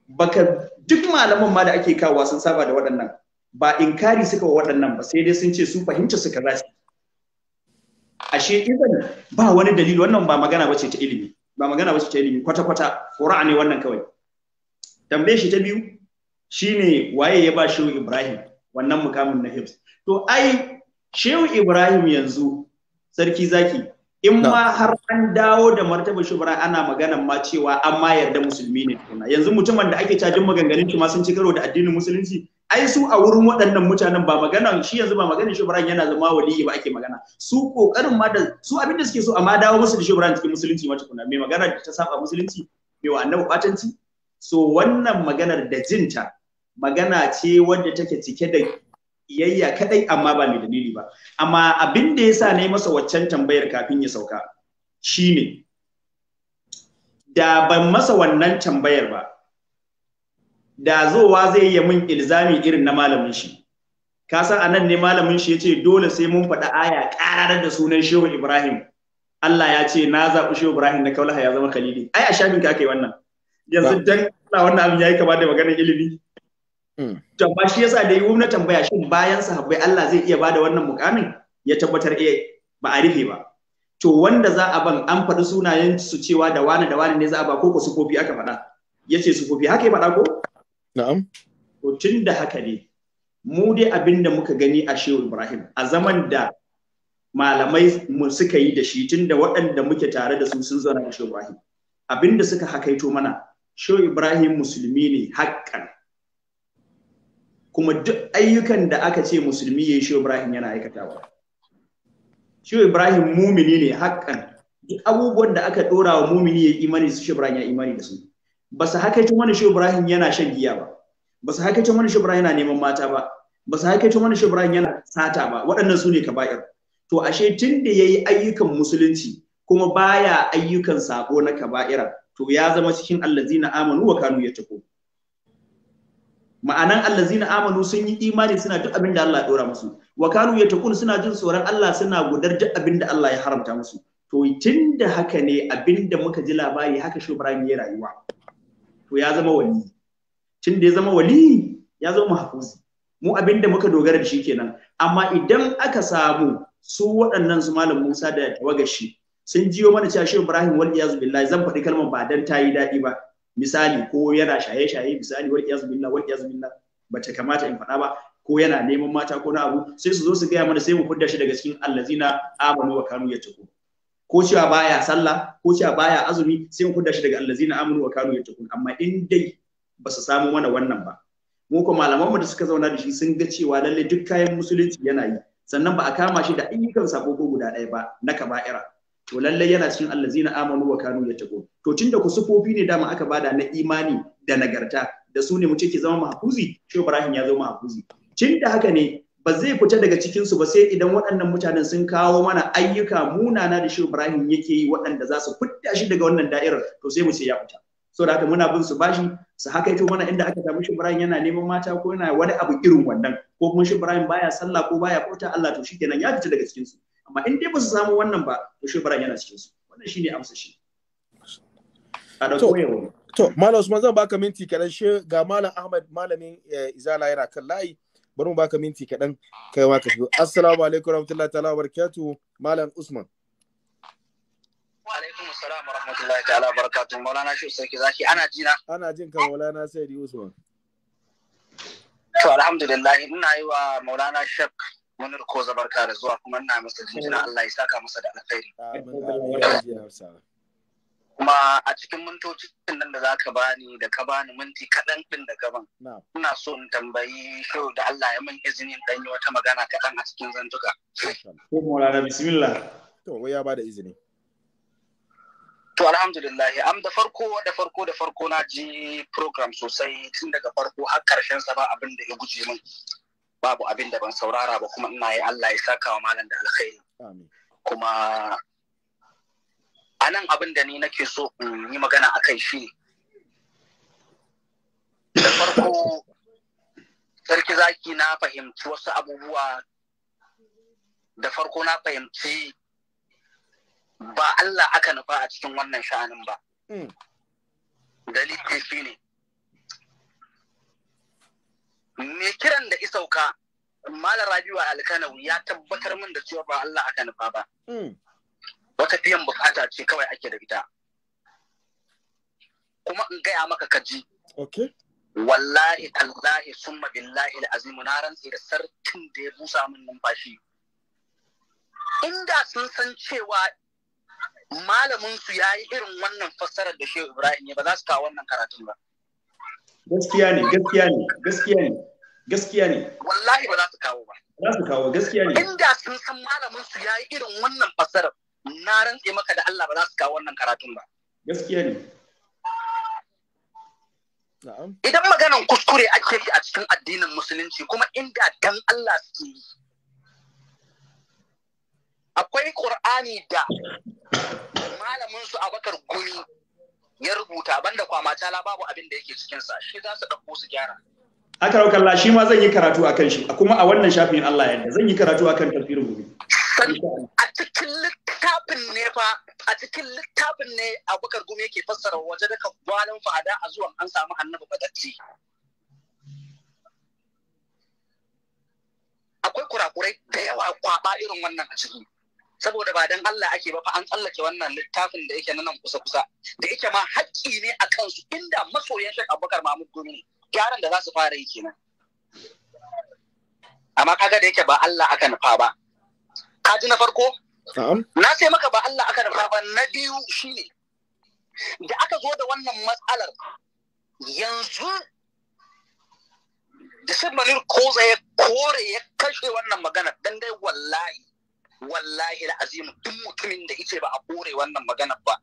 baka duk malaman ma da ake kawo sun saba da waɗannan ba inkari suka wa waɗannan ba sai dai sun ce su fahimci suka kaza su ashe idan ba wani dalili wannan ba magana bace ta ilimi ba magana bace ta ilimi kwata kwata qur'ani wannan kawai tambaye shi ta biyu shine waye ya ba shehu ibrahim wannan mukamin na hibs to ai shehu ibrahim yanzu sarki zaki in ma har an dawo da martaba shehu ibrahim ana magana ma cewa an ma yarda musulmi ne tukuna yanzu mutumin da ake cajin maganganun shi ma sun ci karo da addinin musulunci ai su a wurin waɗannan mutanen ba magana shi yanzu ba magana shehu ibrahim yana zama waliyi ba ake magana su kokarin ma da su abin da suke so amma dawo musu da shehu ibrahim cikin musulunci ma tukuna mai magana ta saba musulunci mai wa annabi batanci so wannan maganar da jinta magana ce wadda take cike da iyayya kadai amma ba mai dalili ba amma abin da yasa na yi masa waccan tambayar kafin ya sauka shine da ban masa wannan tambayar ba da zowa zai yi min ilzami irin na malamin shi ka san anan ne malamin shi yace dole sai mun faɗa aya ƙarar da sunan Shehu Ibrahim Allah ya ce na zaɓi Shehu Ibrahim na kaulaha ya zama khalili ai a shafin ka kai wannan yanzu dan Allah wannan abin yayi kama da maganar ilimi To shi yasa da yiwu na tambaya shin bayan sahabbai Allah zai iya bada wannan mukamin ya tabbatar eh ba a rufe ba. To wanda za a ban an faɗi sunayen su cewa da wani da wani ne za a ba ko su kofi aka faɗa. Yace su kofi haka ya faɗa ko? Na'am. To tun da haka ne mu dai abin da muka gani a Shehu Ibrahim a zaman da malamai mu suka yi da shi tun da waɗanda muke tare da su sun zo na Shehu Ibrahim. Abin da suka hakaito mana Shehu Ibrahim musulmi ne haƙƙan. kuma duk ayyukan da aka ce musulmi ya yi shi Ibrahim yana aikatawa. Shi Ibrahim mumini ne haƙƙan duk abubuwan da aka ɗora wa mumini ya imani su shi Ibrahim ya imani da su. Ba su hakaicin wani shi Ibrahim yana shan giya ba. Ba su hakaicin wani shi Ibrahim yana neman mata ba. Ba su hakaicin wani shi Ibrahim yana sata ba. Waɗannan su ne kaba'ir. To ashe tun da ya yi ayyukan musulunci kuma baya ayyukan saƙo na kaba'ira to ya zama cikin Allah zina amanu wa kanu tafi. ma'anan allazina amanu sun yi imani suna duk abin da Allah ya dora musu wa kanu yatakun suna jin tsoron Allah suna gudar duk abin da Allah ya haramta musu to tun da haka ne abin da muka ji labari haka shi Ibrahim ya rayuwa to ya zama wali tun ya zama wali ya zama mahfuzi mu abin da muka dogara da shi kenan amma idan aka samu su waɗannan su malam Musa da tawagashi sun jiyo mana cewa shi Ibrahim wal iyaz billahi zan faɗi kalmar ba dan tayi daɗi ba misali ko yana shaye-shaye misali wal iyaz billah wal iyaz billah bace kamata in faɗa ba ko yana neman mata ko na abu sai su zo su gaya mana sai mu fudda shi daga cikin allazina amanu wa kanu yattaqun ko cewa baya sallah ko cewa baya azumi sai mu fudda shi daga allazina amanu wa kanu yattaqun amma in dai ba su samu mana wannan ba mu ko malaman mu da suka zauna da shi sun ga cewa lalle duk kayan musulunci yana yi sannan ba a kama shi da ayyukan sabo ko guda ɗaya ba na kaba'ira to lallai yana cikin allazina amanu wa kanu yattaqun to tunda ku sufofi ne dama aka bada na imani da nagarta da su ne mu ce ki zama mahfuzi shi Ibrahim ya zama mahfuzi tunda haka ne ba zai fita daga cikin su ba sai idan waɗannan mutanen sun kawo mana ayyuka munana da shi Ibrahim yake yi waɗanda za su fitta shi daga wannan da'irar to sai mu ce ya fita so da haka muna bin su bashi su haka ito mana inda aka samu shi Ibrahim yana neman mata ko yana wani abu irin wannan ko kuma shi Ibrahim baya sallah ko baya bauta Allah to shikenan ya fita daga cikin su amma in dai ba su samu wannan ba to shi yana cikin su wannan shine amsa shi a da koyewa to malam Usman zan baka minti kaɗan shi ga malam Ahmad malamin eh, Izala yana kan layi bari mu baka minti kaɗan kai ma ka shigo assalamu alaikum warahmatullahi ta'ala wabarakatuh malam Usman wa alaikum assalam warahmatullahi ta'ala wabarakatuh maulana shi sarki zaki ana jina ana jin ka maulana Sayyidi Usman to alhamdulillah ina yi wa maulana shak wani ko zabar ka da zuwa kuma ina masa jinjina Allah ya saka masa da alkhairi kuma a cikin mintocin nan da zaka bani da ka bani minti kaɗan ɗin da gaban ina so in tambayi shau da Allah ya min izini dan yi wata magana kaɗan a cikin zantuka. Ko Maulana bismillah. To wai ya ba da izini. To alhamdulillah am da farko da farko da farko na ji program sosai tun daga farko har karshen sa ba abin da ya guje min. babu abin da ban saurara ba kuma ina yi Allah ya saka wa malam da alkhairi kuma a nan abin da ni nake so in yi magana a kai shi da farko sarki zaki na fahimci wasu abubuwa da farko na fahimci ba Allah aka nufa a cikin wannan sha'anin ba mm. dalilin shi ne me kiran da isauka malar rabiwa alkanawu ya tabbatar min da cewa ba Allah aka nufa ba hmm. wata biyan bukata ce kawai ake da ita kuma in gaya maka kaji wallahi tallahi summa billahi Al-Azimu. na rantsi da sarkin da ya busa min numfashi inda sun san cewa malamin su yi irin wannan fassarar da Shehu Ibrahim ya ba za su kawo wannan karatun ba gaskiya ne gaskiya ne gaskiya ne gaskiya ne wallahi ba za su kawo ba za su kawo gaskiya ne inda sun san malamin su yayi irin wannan fasarar na rantse maka da Allah ba za su kawo wannan karatun ba gaskiya ne idan maganan kuskure ake yi a cikin addinin musulunci kuma inda dan Allah suke yi akwai qur'ani da malamin su Abakar Gumi ya rubuta banda kwamata la babu abin da yake cikin sa shi za su dauko su gyara aka rauka Allah shi ma zan yi karatu akan shi kuma a wannan shafin Allah yadda zan yi karatu akan tafsirin gobe a cikin littafin ne fa a cikin littafin ne Abubakar Gumi yake fassara waje da kabbalin fada a zuwan an samu annabi badacci akwai kurakurai da yawa kwaba irin wannan a ciki saboda ba dan Allah ake ba fa an tsallake wannan littafin da yake nan kusa kusa da yake ma haƙƙi ne a kansu inda masoyan shi Abubakar Mahmud Gumi ne gyaran da za su fara yi kenan amma kaga da yake ba Allah aka nufa ba ka ji na farko na sai maka ba Allah aka nufa ba na biyu shine da aka zo da wannan matsalar yanzu da sai manir koza ya kore ya kashe wannan magana dan dai wallahi wallahi la'azimu tun duk mutumin da yace ba a kore wannan magana ba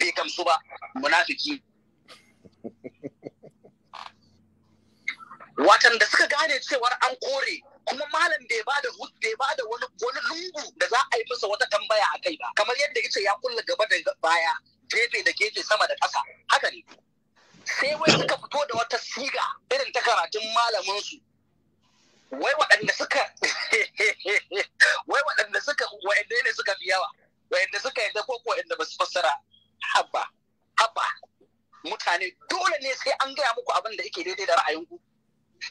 bai gamsu ba munafiki watan da suka gane cewar an kore kuma malam bai ba da bai ba da wani wani lungu da za a yi masa wata tambaya a kai ba kamar yadda yace ya kulla gaba da baya gefe da gefe sama da ƙasa haka ne sai wai suka fito da wata siga irin ta karatun malamin su wai waɗanda suka [laughs] wai waɗanda suka waɗanda ne suka fi yawa waɗanda suka yadda ko waɗanda ba su fassara habba habba mutane dole ne sai an gaya muku abin da yake daidai da ra'ayinku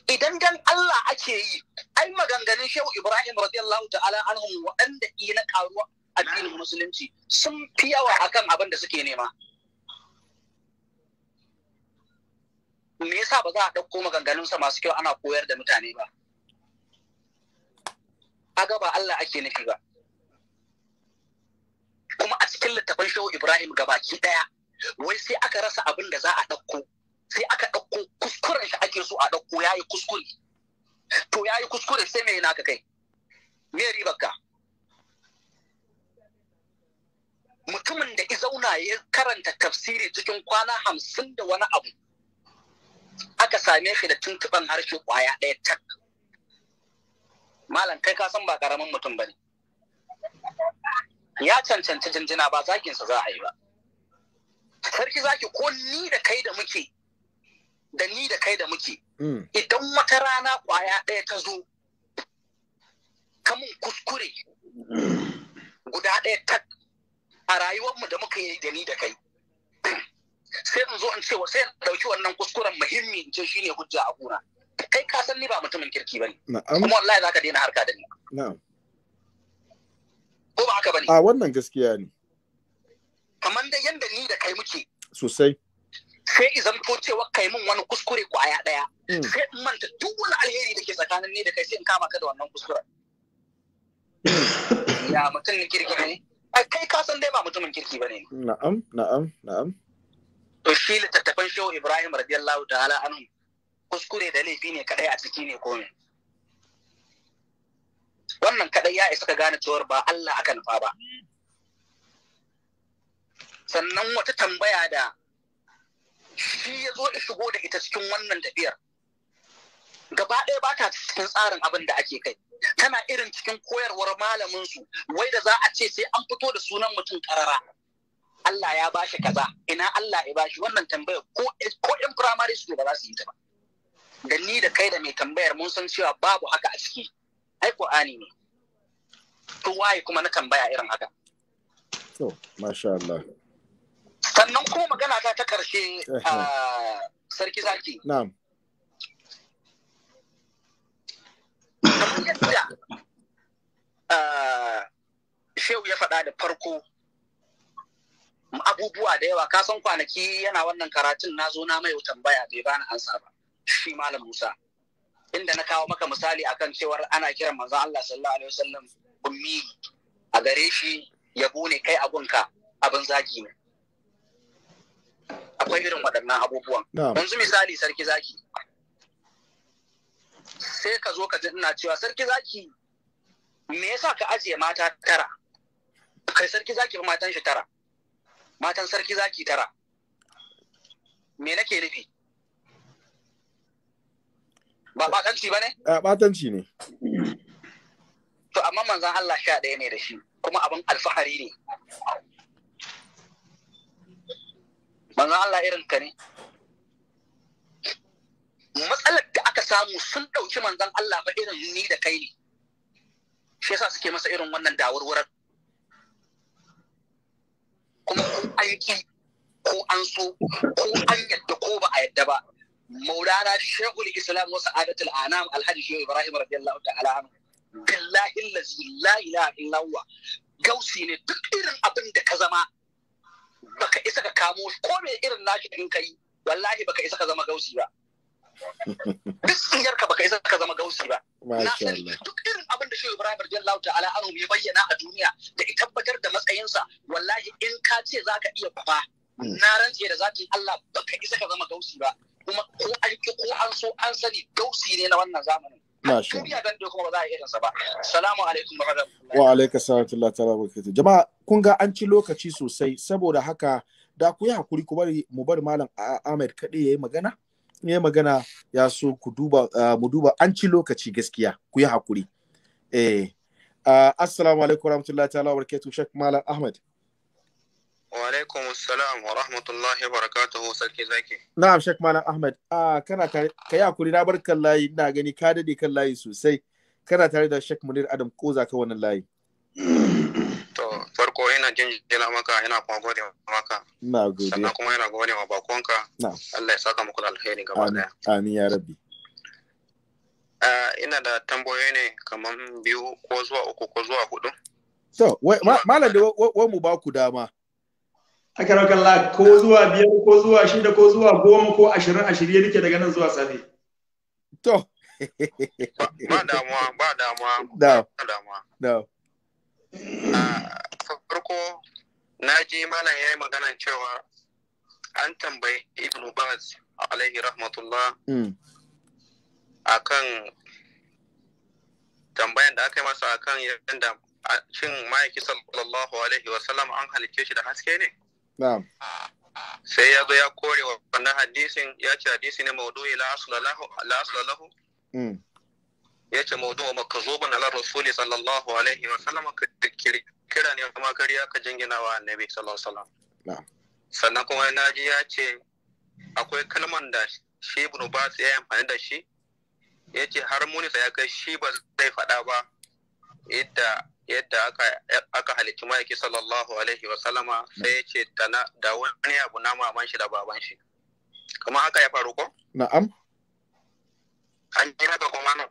idan dan Allah ake yi ai maganganun Shehu Ibrahim radiyallahu ta'ala anhum waɗanda yi na karuwa addinin musulunci sun fi yawa akan abin da suke nema me yasa ba za a ɗauko maganganunsa masu kyau ana koyar da mutane ba aga ba Allah ake nufi ba kuma a cikin littafin Shehu Ibrahim gabaki ɗaya wai sai aka rasa abin da za a ɗauko sai aka ɗauko kuskuren shi ake so a ɗauko ya yi kuskure to ya yi kuskure sai mai naka kai me ribar ka mutumin da ya zauna ya karanta tafsiri cikin kwana hamsin da wani abu aka same shi da tuntuɓan harshe ƙwaya ɗaya tak malam kai ka san ba ƙaramin mutum ba ne ya cancanci jinjina ba zaƙinsa za a yi ba sarki zaki ko ni da kai da muke da ni da kai da muke hmm. idan wata rana kwaya ɗaya ta zo kamun kuskure guda ɗaya ta a rayuwarmu da muka yi da ni da kai sai in zo in ce sai in ɗauki wannan kuskuren muhimmi in ce shine hujja a gona kai ka san ni ba mutumin kirki ba ne. kuma wallahi ka daina harka da ni na'am ko ba haka ne? a wannan gaskiya ne kamar da yanda ni da kai muke sosai sai izan to cewa kai min wani kuskure kwaya daya hmm. sai in manta duk wani alheri da ke tsakanin ni da kai sai in kama ka da wannan kuskuren [coughs] ya mutum kirki ne kai ka san dai ba mutumin kirki bane na'am na'am na'am to shi littattafan shehu ibrahim radiyallahu ta'ala anhu kuskure da laifi ne kadai a ciki ne komai wannan kadai ya isa ka gane cewa ba Allah aka nufa ba sannan wata tambaya da shi ya zo ya shigo da ita cikin wannan tafiyar gaba ɗaya ba ta cikin tsarin abin da ake kai tana irin cikin koyarwar malaminsu wai da za a ce sai an fito da sunan mutum karara Allah ya bashi kaza ina Allah ya bashi wannan tambayar ko ko in primary school ba za su yi ta ba da ni da kai da mai tambayar mun san cewa babu haka a ciki ai Qur'ani ne to waye kuma na tambaya irin haka to masha Allah sannan kuma magana ta ta ƙarshe sarki zaki na'am shehu ya faɗa da farko abubuwa da yawa ka san kwanaki yana wannan karatun na zo na mai tambaya bai bani ansa ba shi malam Musa inda na kawo maka misali akan cewar ana kiran manzon Allah sallallahu alaihi wasallam ummi a gare shi yabo ne kai abunka abin zagi ne akwai irin waɗannan abubuwan yanzu misali sarki zaki sai ka zo ka ji ina cewa sarki zaki me yasa ka ajiye mata tara kai sarki zaki matan shi tara matan sarki zaki tara me nake nufi ba batanci ba ne? a batanci ne to amma manzan Allah sha ɗaya ne da shi kuma abin alfahari ne manzon Allah irin ka ne matsalar da aka samu sun ɗauki manzan Allah ba irin ni da kai ne shi yasa suke masa irin wannan dawarwarar kuma an ki ko an so ko an yadda ko ba a yadda ba maulana shehul islam wasu adatul anam alhaji shehu ibrahim radiyallahu ta'ala anhu billahi allazi la ilaha illa huwa gausi ne duk irin abin da ka zama baka isa ka kamo shi ko me irin nashi in kai wallahi baka isa ka zama gausi ba [laughs] duk tsinyar ka baka isa ka zama gausi ba na san duk irin abin da shehu ibrahim radiyallahu ta'ala anhu ya bayyana a duniya da ya tabbatar da matsayinsa wallahi in ka ce zaka iya fa hmm. na rantse da zaki Allah baka isa ka zama gausi ba kuma ko an ko an so an sani gausi ne na wannan zamanin masha Allah dan kuma ba wa alaikum salatu ta'ala barakatuh jama'a kun ga an ci lokaci sosai saboda haka da ku yi hakuri ku bari mu bari malam Ahmed ya yi magana yayi magana ya so ku duba mu duba an ci lokaci gaskiya ku yi hakuri eh assalamu alaikum warahmatullahi ta'ala barakatuh shek malam Ahmed Wa alaikum ورحمة wa rahmatullahi wa barakatuhu نعم zaki. Na'am أحمد آه كنا Ah kana tare kai hakuri na bar kan layi ina gani ka dade kan layi sosai. Kana tare da Sheikh Adam Koza layi. farko ina jinjina maka ina kuma gode maka. gode. Sannan kuma ina gode wa bakonka. Allah ya saka muku alheri gaba daya. Amin ya rabbi. Ah, ina da tambayoyi ne kaman biyu ko zuwa uku ko zuwa hudu. To, malam da wai mu ba dama. aka la ko zuwa biyar ko zuwa shida ko zuwa goma ko ashirin a shirye nake daga nan zuwa safe. To. Ba damuwa, ba damuwa. Da. Ba damuwa. Da. Ah, farko, na ji mana ya yi magana cewa an tambayi Ibn Baz alaihi rahmatullah mm. kan tambayan da aka yi masa kan yadda shin ma'aiki sallallahu alaihi wasallam an halicce shi da haske ne? sai ya zo ya kore wannan hadisin ya ce hadisi ne maudu'i la asla lahu mm. ya ce maudu'u makazuban ala rasuli sallallahu alaihi wa sallam kira ne kuma kariya ka jingina wa annabi sallallahu alaihi wa sallam sannan kuma na ji ya ce akwai kalman da shi ibn Bas ya amfani da shi ya ce har munisa ya kai shi ba zai faɗa ba idda." yadda aka halitti ma'aiki sallallahu alaihi wa salama, sai ya ce da wani abu na maman shi da baban shi kuma haka ya faru ko na'am an yi haka kuma nan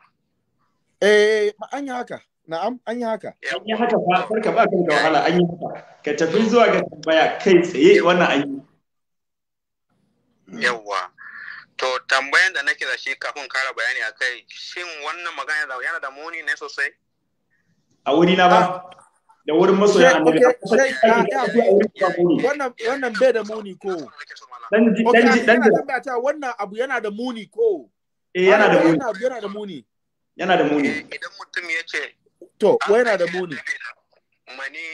eh an yi haka na'am an yi haka an yi haka ba farka ba ka da wahala an yi haka ka tafi zuwa ga tambaya kai tsaye wannan an yi yawwa to tambayan da nake da shi kafin kara bayani a kai, shin wannan magana yana da muni ne sosai a wuri na ba da wurin masoya annabi ah, ah, wannan wannan bai da muni ko dan dan dan wannan abu yana da muni ko eh yana da muni yana da muni yana da muni eh, idan mutum ya ce to ah, wai yana da muni mani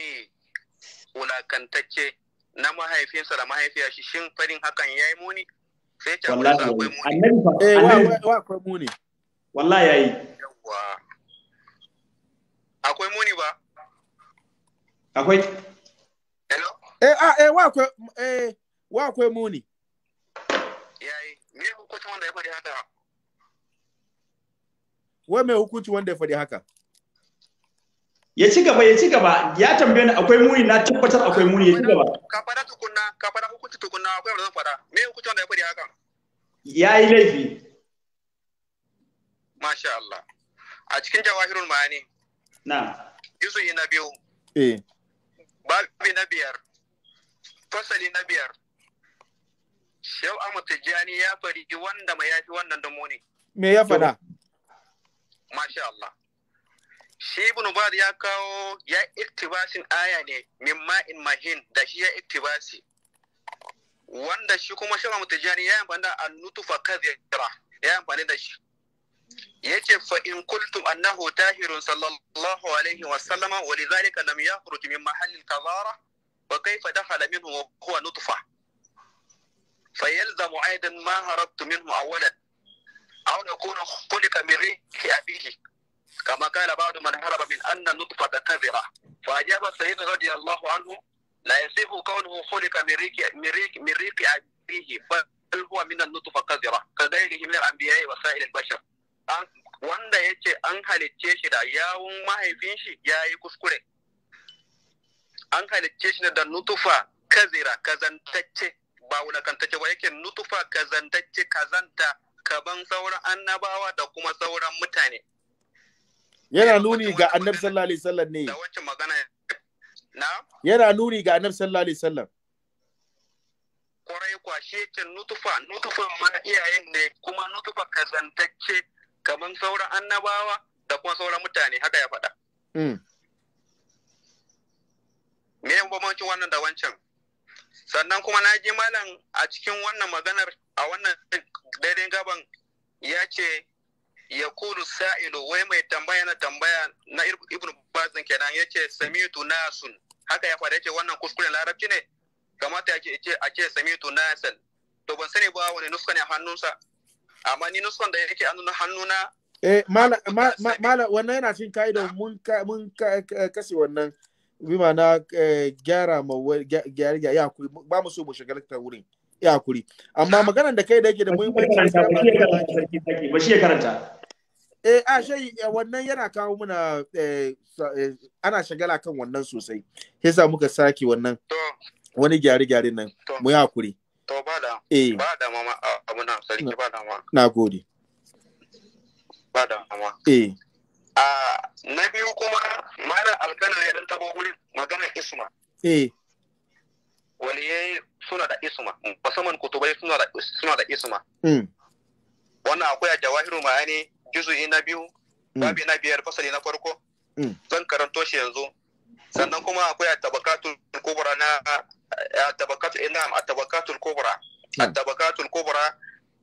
wulakantacce na mahaifinsa da mahaifiya shi shin farin hakan yayi muni sai ta wallahi akwai muni eh wa akwai muni wallahi yayi yawa akwai muni ba akwai hello eh ah, eh wa akwai eh wa akwai muni yayi me hukunci wanda ya faɗi haka wai mai hukunci wanda ya faɗi haka ya ci gaba ya ci gaba ya tambaye ni akwai muni na tabbatar akwai muni ya ci gaba ka fara tukunna ka fara hukunci tukunna akwai wanda zan fara me hukunci wanda ya faɗi haka ya yi laifi masha Allah a cikin jawahirul ma'ani na'am juzu'i na biyu eh babi na biyar fasali na biyar Shau Ahmad Tijjani ya fari wanda mai yafi wannan da ne. Me ya fada? Masha Allah. Shi Ibn Ubad ya kawo ya iktibasin aya ne min ma'in mahin da shi ya iktibasi. Wanda shi kuma Shehu Ahmad Tijjani ya yi amfani da fa kadhira ya yi amfani da shi. يجب فإن قلتم أنه تاهر صلى الله عليه وسلم ولذلك لم يخرج من محل min وكيف دخل منه وهو نطفة فيلزم أيضا ما هربت منه أولا أو نكون خلق من ريح أبيه كما قال بعض من هرب من أن النطفة كذرة فأجاب السيد رضي الله عنه لا يصح كونه خلق من ريح من ريح من ريح أبيه بل هو من النطفة كذرة كغيره من الأنبياء وسائر البشر wanda ya ce an halicce shi da yawun mahaifin shi ya yi kuskure an halicce shi da nutufa kazira kazantacce ba wulakantacce ba yake nutufa kazantacce kazanta kaban sauran annabawa da kuma sauran mutane yana nuni ga annab sallallahu sallar ne da wacce magana na yana nuni ga annab sallallahu sallar. kwarai kwashe ce nutufa nutufa ma iyayen ne kuma nutufa kazantacce kamar sauran annabawa da kuma sauran mutane haka ya faɗa. Mm. Me yin bambancin wannan da wancan? Sannan kuma na ji malam a cikin wannan maganar a wannan daidai gaban ya ce ya kulu sa'ilu wai mai tambaya na tambaya na ibn bazin kenan ya ce samitu nasun haka ya faɗa ya ce wannan kuskuren larabci ne kamata ya ce a ce samitu nasun to ban sani ba wani nuska ne hannunsa amma ni nuskon da yake a nuna hannuna eh mala mala wannan yana cin ka'idar mun mun kashe wannan bima na eh, gyara ma gyara ya kuri ba mu so mu shiga ta wurin ya kuri amma maganar da kai da yake da muhimmanci ba shi ya karanta eh a shi eh, wannan yana kawo muna eh, ana shagala kan wannan sosai yasa muka saki wannan wani gyare-gyare nan mu ya kuri. to ba da eh. ba da mama abu na sarki ba da ma na gode ba da mama eh a na biyu kuma mara alkana ya dan tabo wurin magana isma eh yayi suna da isma musamman kutubai suna da suna da isma hmm. wannan akwai a jawahiru ma'ani juzu'i na biyu hmm. babi na biyar fasali na farko hmm. zan karanto shi yanzu sannan kuma akwai at-tabaqatul kubra na at-tabaqatul inam eh, at-tabaqatul kubra at-tabaqatul kubra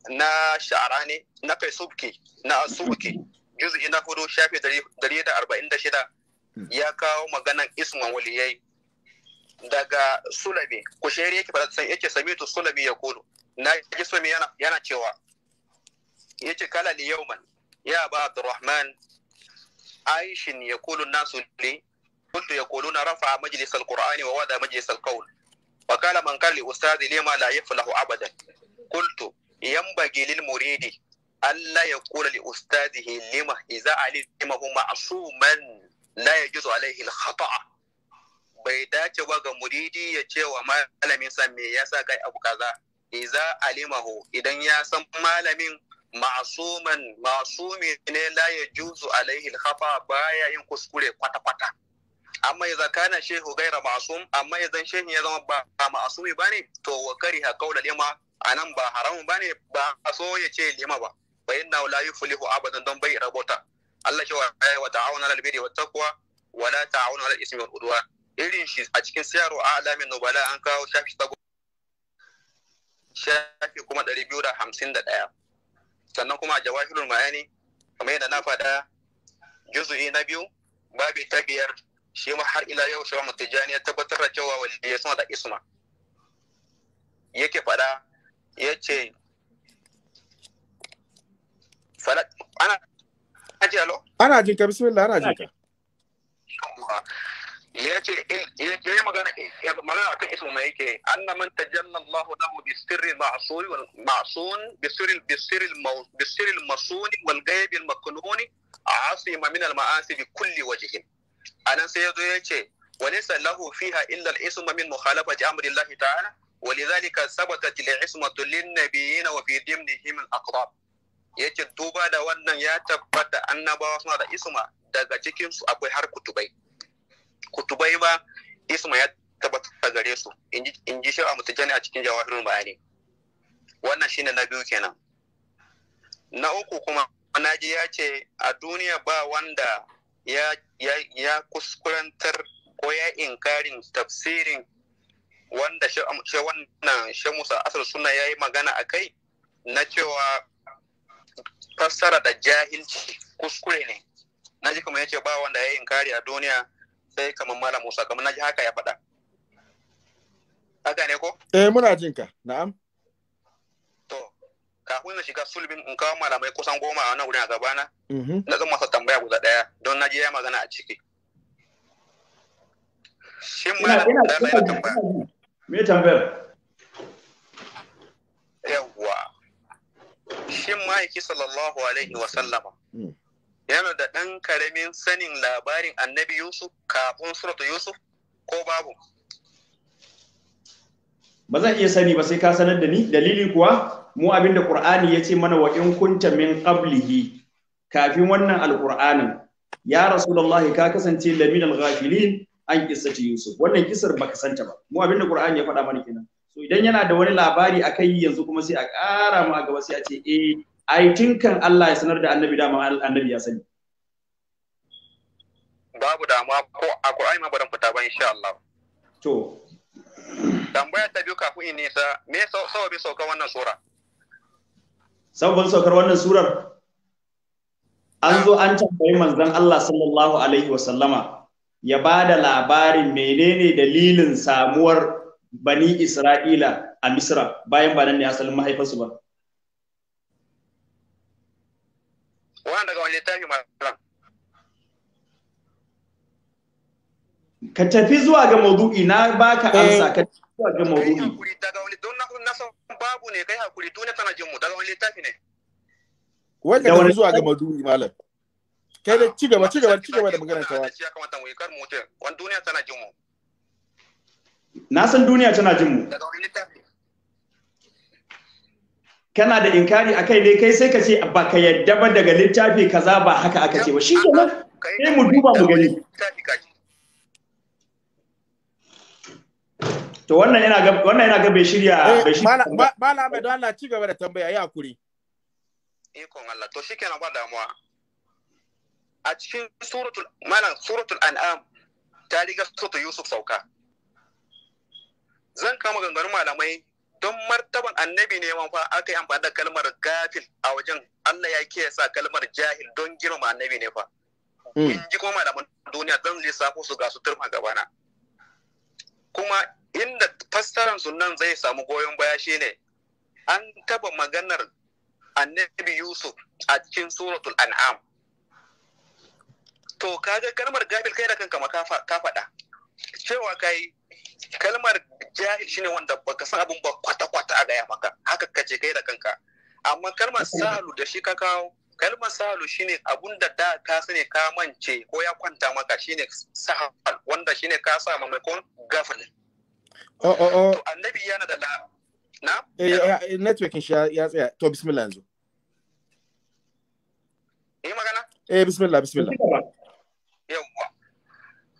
na sha'arani na kaisubki na asubki juz'i na hudu shafi shida. Hmm. ya kawo maganan isman waliyai daga sulabi kusheri yake ba san yake samitu sulabi ya kulu na ji sulabi yana yana cewa yace kala li yawman ya ba abdurrahman aishin ya kulu nasu li ya kuntu na rafa majlis al-qur'ani wa wada majlis al-qawl wa kala man qali ustadi lima la yaflahu abadan qultu yanbaghi lil muridi alla kula li ustadihi lima idza alimahu ma'suman la yajuzu alayhi al-khata' bai dace ba ga muridi ya ce wa malamin sa me yasa kai abu kaza iza alimahu idan ya san malamin ma'asuman masumi ne la ya juzu alaihi alkhafa baya yin kuskure kwata kwata amma idza kana shehu gaira ma'sum amma idan shehin ya zama ba ba bane to wa kari kariha qawla lima A nan ba haramun ba ne? ba so ya ce lima ba fa inna la yuflihu abadan don bai rabota Allah shi wa ta'awuna alal birri wat taqwa wa la ta'awuna alal ismi wal uduwa irin shi a cikin siyaro a alamin nubala an kawo shafi ta shafi kuma ɗari biyu da hamsin da ɗaya sannan kuma a jawahirul ma'ani kamar yadda na faɗa juzu'i na biyu babi ta biyar shi ma har ila yau shawamu tijjani ya tabbatar da cewa wanda ya suna da isma yake fada ya ce ana ji alo? ana ka bismillah ana ji ka ya ce ya magana magana akan ismu mai yake anna man tajanna Allahu lahu bi sirri ma'sun wal ma'sun bi sirri bi sirri bi sirri al-masun wal ghaib al asima min al-ma'asi bi kulli wajhin anan sai ya zo ya ce wani lahu fiha illa al-ismu min mukhalafati amri Allah ta'ala ولذلك ثبتت wa fi dimnihim al-aqrab yace duba da wannan ya tabbata annabawa suna da isma daga cikin su akwai har kutubai kutubai ma isma ya tabbata gare su in ji shi a mutajani a cikin jawahirul bayani wannan shine na biyu kenan na uku kuma naji ya ce a duniya ba wanda ya kuskurantar ko ya inkarin tafsirin wanda shi wannan shi musa asar suna ya yi magana a kai na cewa fassara da jahilci kuskure ne na ji kamar ya ce ba wanda ya yi inkari a duniya sai kamar malam musa kamar na ji haka ya faɗa haka ne ko eh muna jinka na'am kafin na shiga sulbin in kawo malamai kusan goma a wannan wurin a gabana mm-hmm. na zan masa tambaya guda ɗaya don na je ya magana a ciki shin mai da tambaya me tambayar yawwa shin ma'aiki sallallahu alaihi wa sallama mm. yana da ɗan karamin sanin labarin annabi yusuf kafin suratu yusuf ko babu ba zan iya sani ba sai ka sanar da ni dalili kuwa mu abinda qur'ani yace mana wa in kunta min qablihi kafin wannan alqur'anin ya rasulullahi ka kasance da al-ghafilin an kissati yusuf wannan kisar baka santa ba mu abinda qur'ani ya faɗa mana kenan so idan yana da wani labari akai yanzu kuma sai a ƙara mu a gaba sai a ce eh ai tinkan Allah ya sanar da annabi dama annabi ya sani babu dama ko a qur'ani ma ba dan fita ba insha Allah to tambaya ta biyu kafin in nisa me bi sauka wannan sura sabon saukar wannan surar an zo an tambayi manzon Allah sallallahu alaihi wasallama ya ba da labarin menene dalilin samuwar bani Isra'ila a Misra bayan ba nan ne asalin mahaifarsu ba. Wannan daga wani littafi malam. ka tafi zuwa ga maudu'i na baka eh. amsa ka tafi zuwa ga maudu'i jin mu zuwa ga maudu'i malam kai da ci gaba ci gaba ci gaba da maganar ta na san duniya tana jin mu kana da inkari kai ne kai sai ka ce ba ka yadda ba daga littafi kaza ba haka aka ce ba shi nan sai mu duba mu gani to wannan yana ga wannan yana ga bai shirya eh, bai shirya ba na mai Allah ci gaba da tambaya ya hakuri ikon Allah to na ba damuwa a cikin suratul malam suratul an'am ta riga suratul yusuf sauka zan kama ganganun malamai don martaban annabi ne man fa aka yi amfani da kalmar gafil a wajen Allah ya ke sa kalmar jahil don girma annabi ne fa hmm. in ji kuma malaman duniya zan lissafo su ga su turma gabana kuma inda fassarar sunan zai samu goyon baya shine an taba maganar annabi Yusuf a cikin suratul an'am to kaga kalmar gabil kai da kanka ma ka faɗa cewa kai kalmar jahil shine wanda baka san abun ba kwata-kwata a gaya maka haka kace kai da kanka amma kalmar salu da shi ka kawo kalmar salu shine abun da da ka sani ka mance ko ya kwanta maka shine sahal wanda shine ka sa mamakon gafil Oh, oh, oh. Annabi yana da la. Na? Eh, eh, eh networking shi ya tsaya. To, bismillah yanzu. Ni magana? Eh, bismillah, bismillah. Yawwa.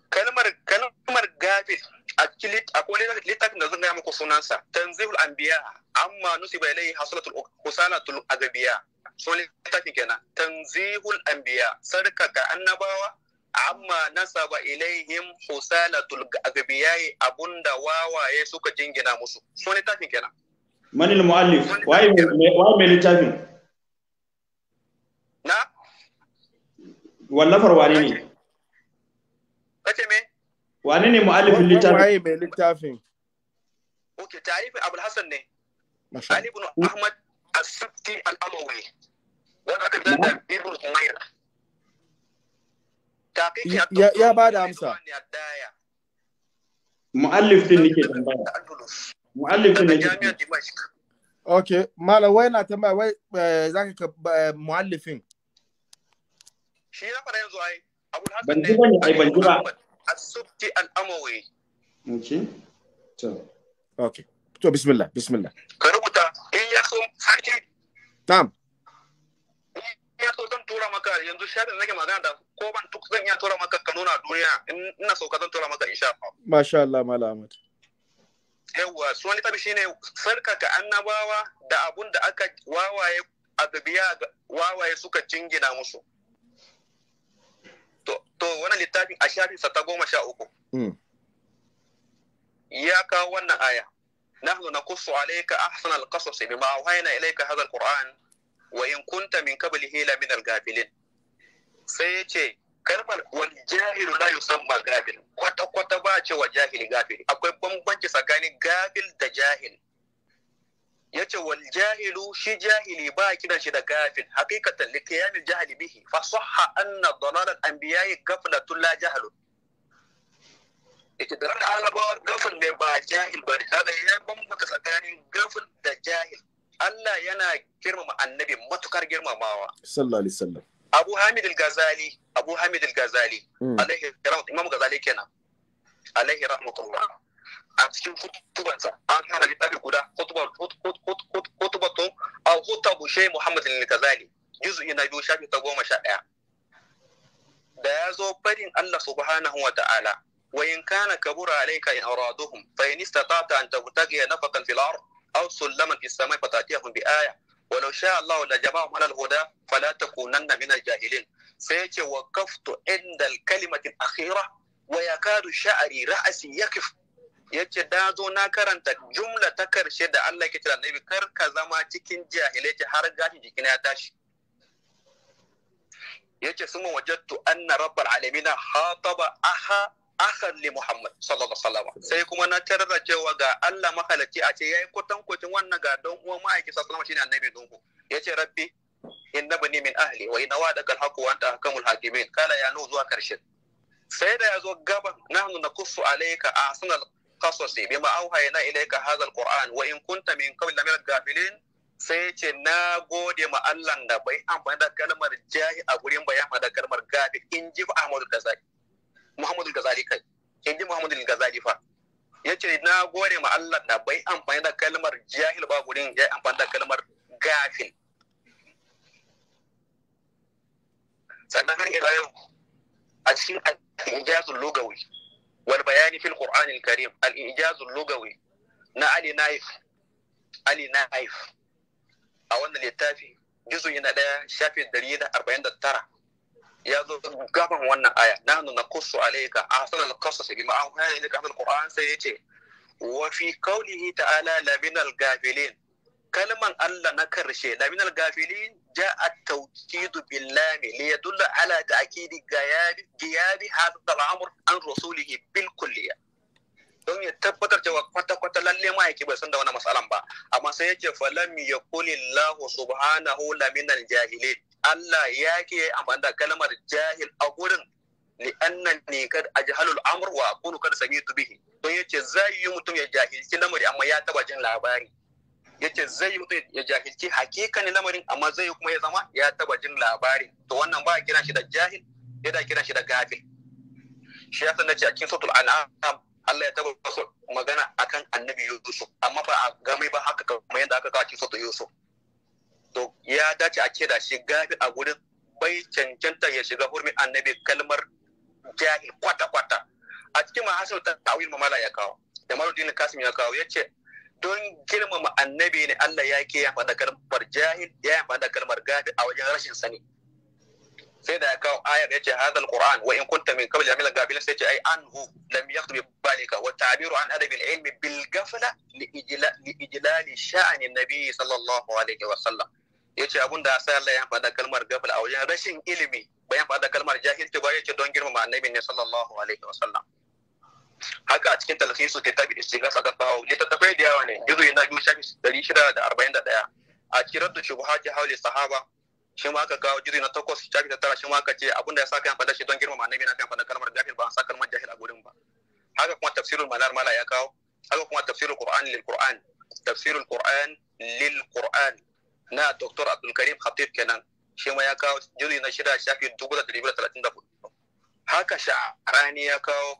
Kalmar kalmar gabe a cikin akwai littafin da zan gaya muku sunansa tanzihul anbiya amma nusiba ilayhi hasalatul husanatul agabiya sunan littafin kenan tanzihul anbiya sarkaka annabawa amma nasaba ilaihim husalatul agbiyai abunda wawaye suka jingina musu so ne tafin kenan manil muallif wai mai littafin na wallafar wani ne kace me wani ne muallifin littafin wai mai littafin okay tarifin abul hasan ne ali ibn ahmad as-sabti al-amawi wanda aka zanta ibn umayr يا يا بعد أمسى مؤلف في نيجي مؤلف في نيجي أوكي مالا وين أتم وين زاك آه، آه، مؤلفين شيء لا بريان زواي بنجوا أي بنجوا السبت الأموي أوكي تو أوكي تو بسم الله بسم الله كربوتا إياكم حكي تام duka yanzu shaɗin nake magana da ko ban duk zan iya tura maka ka nuna duniya ina so ka zan tura maka insha Allah masha Allah malam Ahmad yawa su wani tabi shine sarkaka annabawa da abun da aka wawaye adabiya wawaye suka jingina musu to wannan littafin a shafi sa ta goma sha uku hmm. ya kawo wannan aya nahnu naqussu alayka ahsana alqasas bima awhayna ilayka hadha alquran wa in kunta min qablihi la min alghafilin sai ya ce karɓar wal jahilu la yusamma gafil kwata kwata ba ce wa jahili gafil akwai bambanci tsakanin gafil da jahil ya ce wal jahilu shi jahili ba a kiran shi da gafil hakikatan li qiyamil jahili bihi fa sahha anna dalal al anbiya'i ghaflatun la jahlun da alabawa gafil ne ba jahil ba ne ya bambanta tsakanin gafil da jahil Allah yana girmama annabi matukar girmamawa sallallahu alaihi wasallam Abu Hamid al gazali Abu Hamid al-Ghazali hmm. alaihi rahmat Imam Ghazali kenan alaihi rahmatullah a cikin kutubansa an kana littafi guda Kutubatu a hutabu shai Muhammad al-Ghazali juz'i na biyu shafi ta goma sha ɗaya da ya zo farin Allah subhanahu wa ta'ala وإن كان كبر عليك إعراضهم فإن استطعت أن تبتغي نفقا في الأرض أو سلما في السماء فتأتيهم بآية walau sha Allah la jama'u alal huda fala takunanna min jahilin sai yake waqaftu inda al kalimatin akhira wa yakadu sha'ri ra'si yakif yace da zo na karanta jumla ta karshe da Allah ke tana nabi kar ka zama cikin jahilai har gashi jikin ya tashi yace suma wajadtu anna rabbal alamin hataba aha akhar li Muhammad sallallahu alaihi wasallam sai kuma na tarar cewa ga Allah mahalaki a ce yayi kwatan kwatin wannan ga dan uwan ma'aiki sallallahu alaihi wasallam shine annabi dunku yace rabbi bani min ahli wa inna wa'adaka al wa anta ahkamul hakimin kala ya nu zuwa karshe sai da yazo gaban nahnu nakussu alayka ahsanal bi bima auhayna ilayka hadha alquran wa in kunta min qabl lamil ghafilin sai ce na gode ma Allah da bai amfani da kalmar jahi a gurin bayan da kalmar gafi in ji Ahmadu Kasai Muhammadu Ghazali kai in ji Muhammadu Ghazali fa ya ce na gore ma Allah da bai amfani da kalmar jahil ba gurin ya amfani da kalmar gafin sannan har ila yau a cikin al-ijazul lugawi wal bayani fil qur'an al-karim al-ijazul lugawi na Ali Naif Ali Naif a wannan littafi juzu yana daya shafi 149 ya zo gaban wannan aya nahnu naqussu alayka ahsanal qasas bima awhayna ilayka hadha alquran sai yace wa fi qawlihi ta'ala laminal gafilin kalman Allah na karshe laminal gafilin ja'a tawkid billahi li dulla ala ta'kid gayabi gayabi hadha al'amr an rasulihi bil kulliyah don ya tabbatar cewa kwata-kwata lalle ma yake bai san da wani matsalan ba amma sai yake falam yakulillahu subhanahu laminal jahilin Allah ya ke amfani da kalmar jahil a gurin ni annan ne kad ajhalul amr wa aqulu kad sami'tu bihi don yace zai yi mutum ya jahilci lamari amma ya taba jin labari yace zai yi mutum ya jahilci hakikan lamarin amma zai kuma ya zama ya taba jin labari to wannan ba kiran shi da jahil ya da kiran shi da gafil shi ya sanar cikin suratul an'am Allah ya taba magana akan annabi Yusuf amma ba a gami ba haka kamar yadda aka kawo cikin suratul Yusuf to ya dace a kira shi gafi a gurin bai cancanta ya shiga hurmi annabi kalmar jahil kwata-kwata a cikin ma ta tawil mamala ya kawo da marudin kasim ya kawo ya ce don girmama annabi ne Allah ya ke ya faɗa kalmar jahil ya faɗa kalmar gafi a wajen rashin sani sai da ya kawo ayar ya ce hadal qur'an wa in kunta min qabl jamilan gafilin sai ce ai anhu lam yakhtub balika wa ta'biru an adab al-ilm bil ghafla li ijlali nabi sallallahu alaihi wa sallam ya ce abin da sa Allah ya faɗa kalmar gafil a wajen rashin ilimi bayan faɗa kalmar jahilci ba ya ce don girmama annabi ne sallallahu alaihi wa sallam haka a cikin talhisu kitabi shiga da bawo littattafai da yawa ne yanzu na biyu shafi dari shida da arba'in da ɗaya a cikin raddu shubuhati hauli sahaba shi ma aka kawo jiri na takwas shafi da tara shi ma aka ce abin da ya saka ya faɗa shi don girmama annabi na faɗa kalmar jahil ba a sa kalmar jahil a gurin ba haka kuma tafsirin malar mala ya kawo haka kuma tafsirin qur'an lil qur'an tafsirin qur'an lil qur'an na Dr. Abdulkarim Khatib kenan shi ma ya kawo juzi na shida shafi dubu da dari da talatin da hudu haka sha'arani ya kawo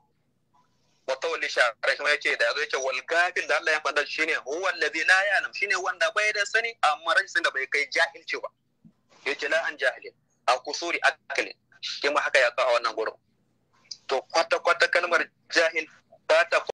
wata wani sha'arani kuma ya ce da ya zo ya ce walgafin da Allah ya faɗa shi ne huwa lazi la ya'lam shi ne wanda bai da sani amma rashin da bai kai jahilci ba ya ce la an jahilin a kusuri akalin shi ma haka ya kawo a wannan gurin to kwata-kwata kalmar jahil ba ta